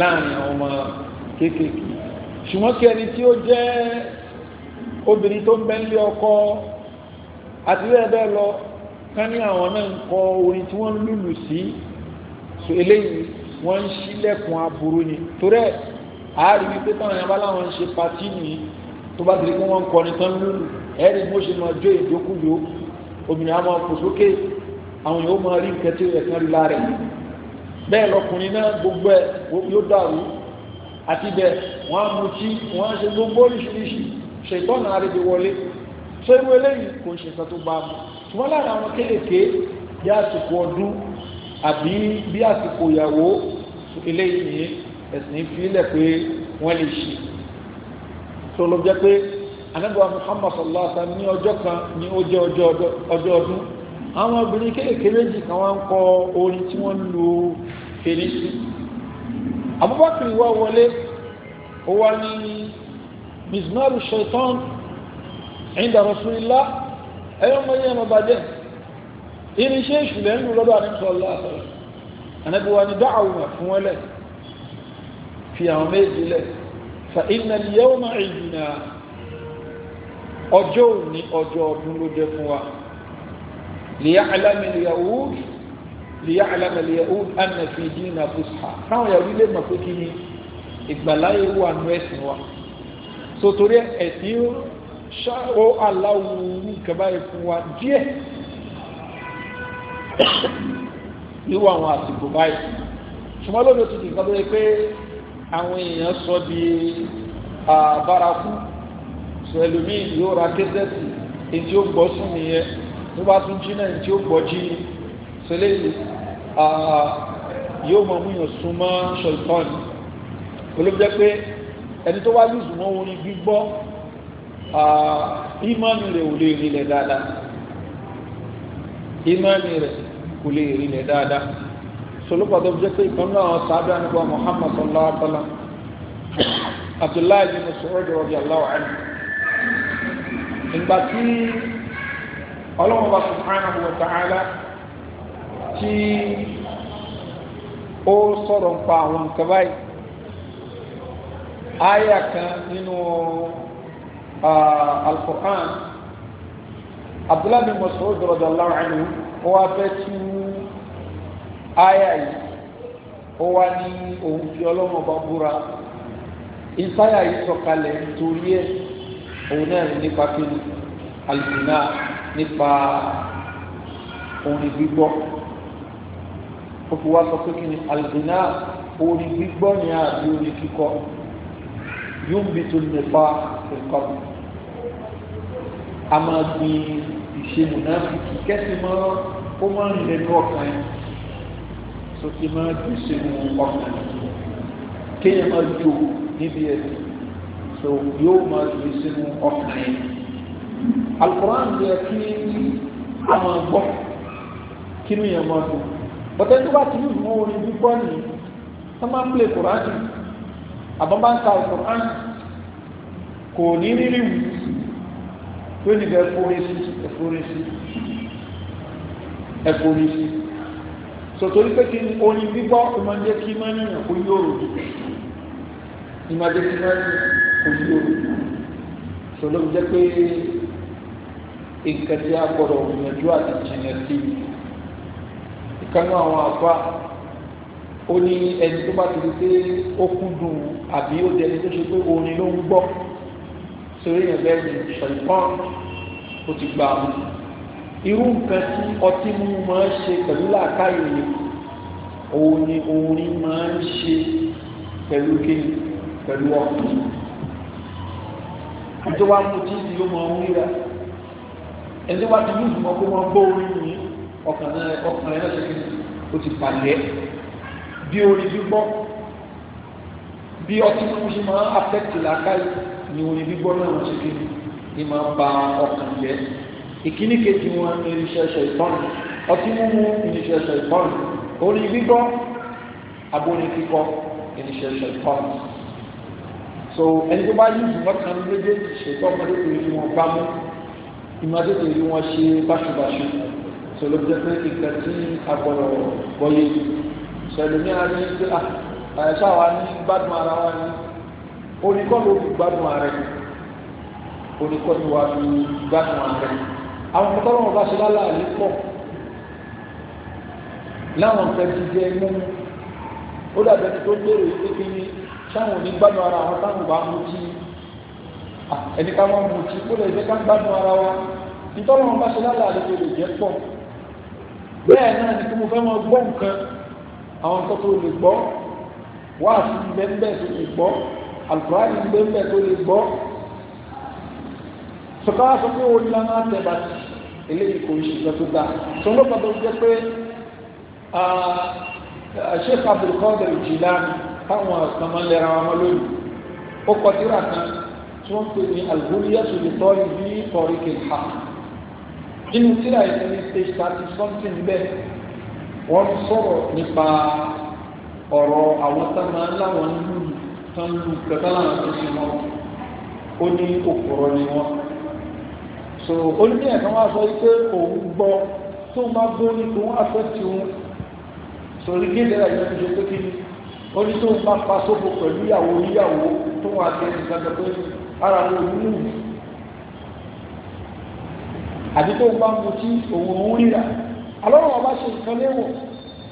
láàrin àwọn ọmọ kéékèèké ṣùgbọ́n kí ẹni tí ó jẹ́ obìnrin tó ń bẹ nílé ọkọ àti bẹ́ẹ̀ bẹ́ẹ̀ lọ ká ní àwọn náà ń kọ orin tí wọ́n ń lùlù sí eléyìí wọ́n ń ṣílẹ̀kùn aburú ni torí ẹ̀ àárí wípé táwọn yàrá láwọn ń ṣe patí nìyí tó bá ti di pé wọ́n ń kọrin tán lùlù ẹ̀ẹ́dì bó ṣe máa jó ìjókòó obìnrin á máa kò sókè àwọn yóò máa rí nǹkan tí ó yẹ kán rí lára ẹ̀ bẹ́ẹ̀ lọkùnrin náà gbogbo ẹ̀ yóò dàrú àti bẹ́ẹ̀ wọ́n á mutí wọ́n á ṣe gbogbo oríṣiríṣi ṣètọ́nà àrèdè wọlé tó irú eléyìí kò ń ṣe nǹkan tó bá mu ṣùgbọ́n lára àwọn kéékèèké bí àsìkò ọdún àbí bí àsìkò ìyàwó eléyìí ẹ̀sìn fi pé wọ́n lè ṣe tó ló jẹ́ pé anábíwá muhammad sallallahu alaihi wa sallam ní ọjọ́ kan ní ó jẹ́ ọjọ́ ọdún àwọn obìnrin kéékèèrè jì kan wá ń kọ orin tí wọ́n ń lu fèrè sí abubakar wá wọlé ó wá ní mizmaru shaitan inda rasulillah ẹ̀yọ́ mọ̀ yẹn lọ bàjẹ́ irinṣẹ́ ìṣùlẹ̀ ń lu lọ́dọ̀ àdínsọ̀ aláàtọ̀ anábíwá ní dá àwùmọ̀ fún wọn lẹ̀ fi àwọn méjì lẹ̀ fa inna al ọjọ́ òní ọjọ́ ọdún ló jẹ́ fún wa liya'lama al-yahud liya'lama al-yahud anna fi dina fusha káwọn yahudi lè mọ̀ pé kí ni ìgbàláyé wà nú ẹ̀sìn wa so torí ẹ̀sìn ó aláwo ní ìkàbá yẹn fún wa díẹ̀ irú àwọn àsìkò báyìí ṣùgbọ́n lónìí ó tó yẹ pé àwọn èèyàn sọ di bárakú sọ ẹlòmíì yóò ra kẹsẹ̀tì èyí tí ó gbọ́ sùn nìyẹn tó bá tún jí náà èyí tí ó gbọ́ jí ni sọlẹ́ yóò mọ̀ mú yàn sún mọ́ ṣọ̀tọ́n olóòjẹ́ pé ẹni tó wá lùzùn mọ́ orin gbígbọ́ ìmọ̀nì rẹ̀ ò lè rinlẹ̀ dáadáa ìmọ̀nì rẹ̀ kò lè rinlẹ̀ dáadáa solopado jẹ́ pé ìkan náà sábẹ́ àníkọ́ Muhammad sallallahu alaihi wa sallam Abdullahi bin Mas'ud radiyallahu anhu ìgbà tí ọlọ́run bá subhanahu wa ta'ala tí ó sọ̀rọ̀ ń pa àwọn nǹkan báyìí àyà kan nínú al-Qur'an abdullahi bin Mas'ud radiyallahu anhu ó wá fẹ́ tú àyà yìí ó wá ní òun fi ọlọ́run bá búra ìsáyà yìí sọ̀kalẹ̀ nítorí ẹ̀ òun náà nípa kíni alùpùpù nípa orin gbígbọ́ ó fi wá sọ pé kíni alùpùpù orin gbígbọ́ ni àbí orin kíkọ yóò ń bi tó nípa ẹ̀kọ́ a máa gbin ìṣèlú náà fi kẹ́sì mọ́ ó máa ń lẹ́nu ọ̀kan yìí tó ti máa gbèsè nu ọ̀kan kéèyàn máa jò níbi ẹ̀sìn so yóò máa fi sínú ọkàn yẹn alukoran bí ẹ kí a máa gbọ́ kí ni yẹn máa dùn bọ́tẹ́ tó bá ti ní ìmọ̀ orin gbígbọ́ ni wọ́n máa ń pè kuraani àbábá ń ka kuraani kò ní rírì wù tó ní bẹ́ẹ̀ fúnri sí ẹ̀fúnri sí ẹ̀fúnri sí sotori pé kí orin gbígbọ́ ọmọdé kí máa ń yàn kó yóò rò ní kí máa ń yàn kò sí o sọlọ jẹ pé nǹkan tí a gbọ́dọ̀ gbìyànjú àti jìnnà sí i ìkànnì àwọn àfa ó ní ẹni tó bá ti di pé ó kún dùn àbí ó dẹni tó ṣe pé orin ló ń gbọ́ sórí yẹn bẹ́ẹ̀ ni ṣàìpọ́n ó ti gbà mú irú nǹkan tí ọtí mú máa ń ṣe pẹ̀lú làákàyè òun ni orin máa ń ṣe pẹ̀lú kí pẹ̀lú ọkùnrin ètò wa mú tí yóò máa ń ríra ẹni wa ti ní ìdùnnú kó máa gbọ́ orí mi ọkàn náà ọkàn náà ṣe kí o ti pàlẹ́ bí orí gbígbọ́ bí ọtí mímu ṣe máa ń affect làákàyè ni orí gbígbọ́ náà ṣe kí ni máa ń ba ọkàn jẹ́ ìkíní kejì wọn ní irinṣẹ́ṣẹ́ ìtọ́nù ọtí mímu irinṣẹ́ṣẹ́ ìtọ́nù orí gbígbọ́ abóni kíkọ́ irinṣẹ́ṣẹ́ ìtọ́nù so ẹni tó bá yíyí wọn kan méjèèjì ṣètò ọmọdé tó yí wọn bá mú ìmọdé tó yí wọn ṣe báṣubàṣu so ló jẹ pé ìgbà tí agbọrọ bọyé sọlẹmí ara ní pé àyàṣà ah, wa ní gbádùn ara wa ní oníkọ́ ló fi gbádùn ara rẹ oníkọ́ ni wà fi gbádùn ara rẹ àwọn ọmọ tọ́lọ́mọ bá ṣe lálàálẹ̀ pọ̀ láwọn nǹkan ti jẹ mú ó dàbẹ̀ tó ń pé kí ni sáwọn òní gbádùn ara wọn táwọn bá mú tí ẹni ká wọn mú tí kó lè jẹ́ ká gbádùn ara wa nítorí wọn bá ṣe lálẹ́ àlejò lè jẹ́ pọ̀ bẹ́ẹ̀ náà ni kí mo fẹ́ wọn gbọ́ nǹkan àwọn nǹkan tó lè gbọ́ wáàsí bẹ́ẹ̀ tó lè gbọ́ àlùkùránì bẹ́ẹ̀ tó lè gbọ́ sọ̀tà sọ pé ó nílá máa tẹ̀ bàtì eléyìí kò ṣe ìjọ tó dáa tó ń lọ́pàá tó jẹ́ pé Sheikh Abdul Qadir Jilani táwọn kan máa ń lẹ́ra wọn lónìí ó kọ tírà kan tí wọ́n pè ní alhuliyatu li talibi tariqil haqq nínú tírà yìí ní page thirty something bẹ́ẹ̀ wọ́n sọ̀rọ̀ nípa ọ̀rọ̀ àwọn tá máa ń láwọn lù tán kẹta láwọn tó ṣe wọn ó ní òkúrọ̀ ni wọn so ó ní ẹ̀ka wọn sọ pé òun gbọ́ tó máa gbọ́ ní kí wọ́n afẹ́ tí wọn sọ̀rí gé lẹ́yìn tó ṣe pé wọ́n ní tó ń bá pa sóko pẹ̀lú ìyàwó oníyàwó tó wọn àti ẹni gbàgbọ́ pé ara wọn ò nínú àti tó ń bá mu tí òun òun ríra alọ́run ọba ṣe nǹkan léwọ̀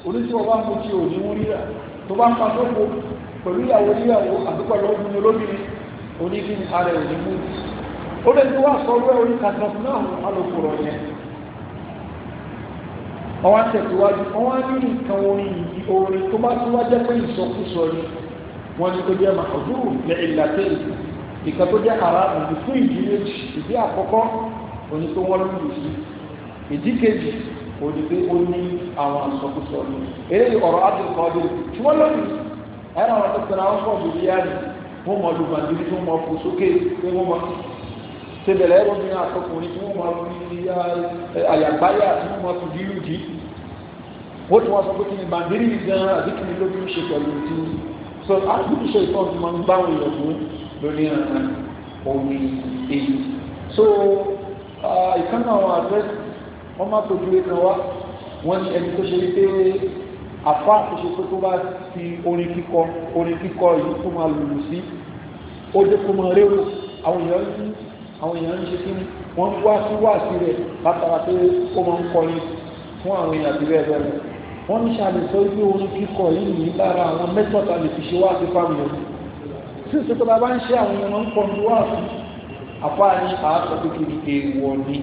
oníṣẹ́ ọba mu tí òun òun ríra tó bá pa sóko pẹ̀lú ìyàwó oníyàwó àti obìnrin olóbìnrin oníbìnrin ara ẹ̀ ní mú ó lè tó wá sọ orí kàtàkùn náà alòkùrọ̀ yẹn ọwọ́ ń tẹ̀síwájú ọwọ́ ní nǹkan orin yìí orin tó bá tó wá jẹ́ pé ìsọkúsọ ni wọ́n ní tó jẹ́ màkàdú lẹ́ ìlàtẹ́ ìkan tó jẹ́ ara òbí fún ìdí méjì ìdí àkọ́kọ́ òní tó wọ́n lù sí ìdí kejì òní pé ó ní àwọn àsọkúsọ ni eré ọ̀rọ̀ adùnkọ́dé tí wọ́n lọ́nà ẹ̀rọ àwọn tó tẹ̀lé àwọn fọ́ọ̀mù yíyá wọ́n mọ̀ lù sebẹ̀lẹ̀ ẹ̀rọ mi àtọkùnrin tí wọ́n máa fi àyàgbáyà tí wọ́n máa fi dírú dì ó tún wọ́n sọ pé kí ni bàndírì gan àbí kí ni lóbi ń ṣe pẹ̀lú ti so àbúrò ṣe ìtàn tí wọ́n bá wọn yọ̀ fún lórí omi èyí so ìkànnì àwọn àdírẹ́sì wọ́n máa tó dúró kan wá wọ́n ní ẹni tó ṣe pé àfa tó ṣe pé tó bá fi orin kíkọ orin kíkọ yìí tó máa lùlù sí ó dé kó máa réwò àwọn èèyàn àwọn èèyàn ń ṣe kí wọ́n wá sí wá sí rẹ̀ látara pé ó máa ń kọrin fún àwọn èèyàn àti bẹ́ẹ̀ bẹ́ẹ̀ wọ́n ń ṣàlùsọ pé orin kíkọ yìí nìyí lára àwọn mẹ́tọ̀ọ̀tà lè fi ṣe wá sí fáwọn èèyàn sí ìṣètò bàbá ń ṣe àwọn èèyàn ń kọrin wá sí àfa ní àásọ kékeré èèwọ̀ ni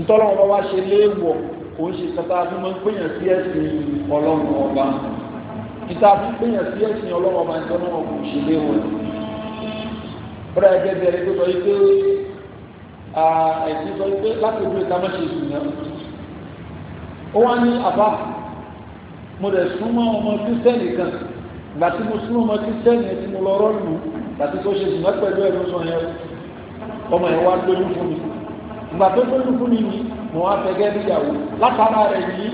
ìtọ́lọ́wọ́n bá wá ṣe léèwọ̀ kò ń ṣe kata fún mọ́ pèèyàn sí ẹ̀sìn ọlọ́run ọba ìta fún pèèyàn sí ẹ̀sìn ọlọ́run ọba ìtọ́lọ́wọ́n kò ṣe léèwọ̀ ni ó dáa gẹ́gẹ́ ẹni tó sọ yìí pé ẹ̀sìn sọ yìí pé láti ìlú ìta mọ́ṣe ìsìnyá ó wá ní àbá mo dẹ̀ súnmọ́ ọmọ kírísítẹ́nì kan gbà tí mo súnmọ́ ọmọ kírísítẹ́nì tí mo lọ rọ́ọ̀lù gbà tí tó ṣe ìsìnyá pẹ̀lú ẹ̀rọ sọ yẹn ọmọ yẹn wá lóyún fún mi ìgbà tó lóyún fún mi ni mo wá fẹ́ gẹ́ níyàwó látara rẹ̀ yìí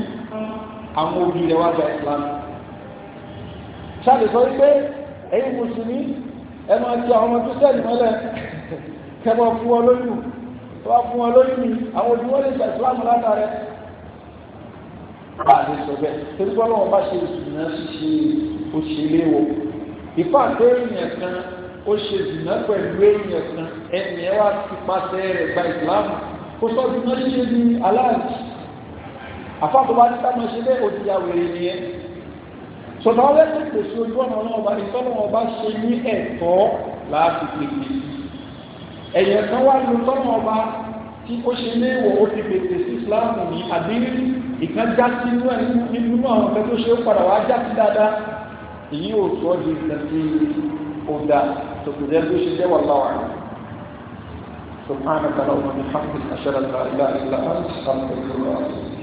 àwọn òbí rẹ̀ wá gba ìsìlámù ṣáà lè sọ wípé ẹ̀yin ẹ máa ti àwọn ọmọ tó sẹ́ẹ̀lì mọ́lẹ̀ kẹmọ fún wọn lóyún tó bá fún wọn lóyún ni àwọn olùwọ́n lè ṣe ìsìlámù látàrẹ bá a lè sọ bẹ́ẹ̀ torí bọ́lá wọn bá ṣe ìsìnà ṣíṣe òṣèlé wo ìfàgbé èèyàn kan ó ṣe ìsìnà pẹ̀lú èèyàn kan ẹni ẹ wá ti pàṣẹ rẹ̀ gba ìsìlámù kó sọ ìsìnà ṣíṣe ní aláàjì àfàtúbá ní ká máa sọ̀tọ̀ wọn bẹ́ẹ̀ tètè sí ojú ọ̀nà ọlọ́wọ́ bá ìtọ́nà wọn bá ṣe ní ẹ̀tọ́ láti pèpè ẹ̀yẹ̀ kan wá lu tọ́nà ọba tí ó ṣe léèwọ̀ ó ti pèpè sí Islam ní àbí ìkan já sí inú ẹ̀ nínú àwọn ọ̀fẹ́ tó ṣe ó padà wá já dáadáa èyí ò tọ́ di ìtàn ọ̀dà tòkùnjẹ́ tó ṣe jẹ́ wà سبحانك اللهم وبحمدك اشهد ان لا اله الا انت استغفرك واتوب اليك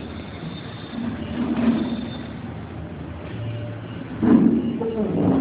opportunity.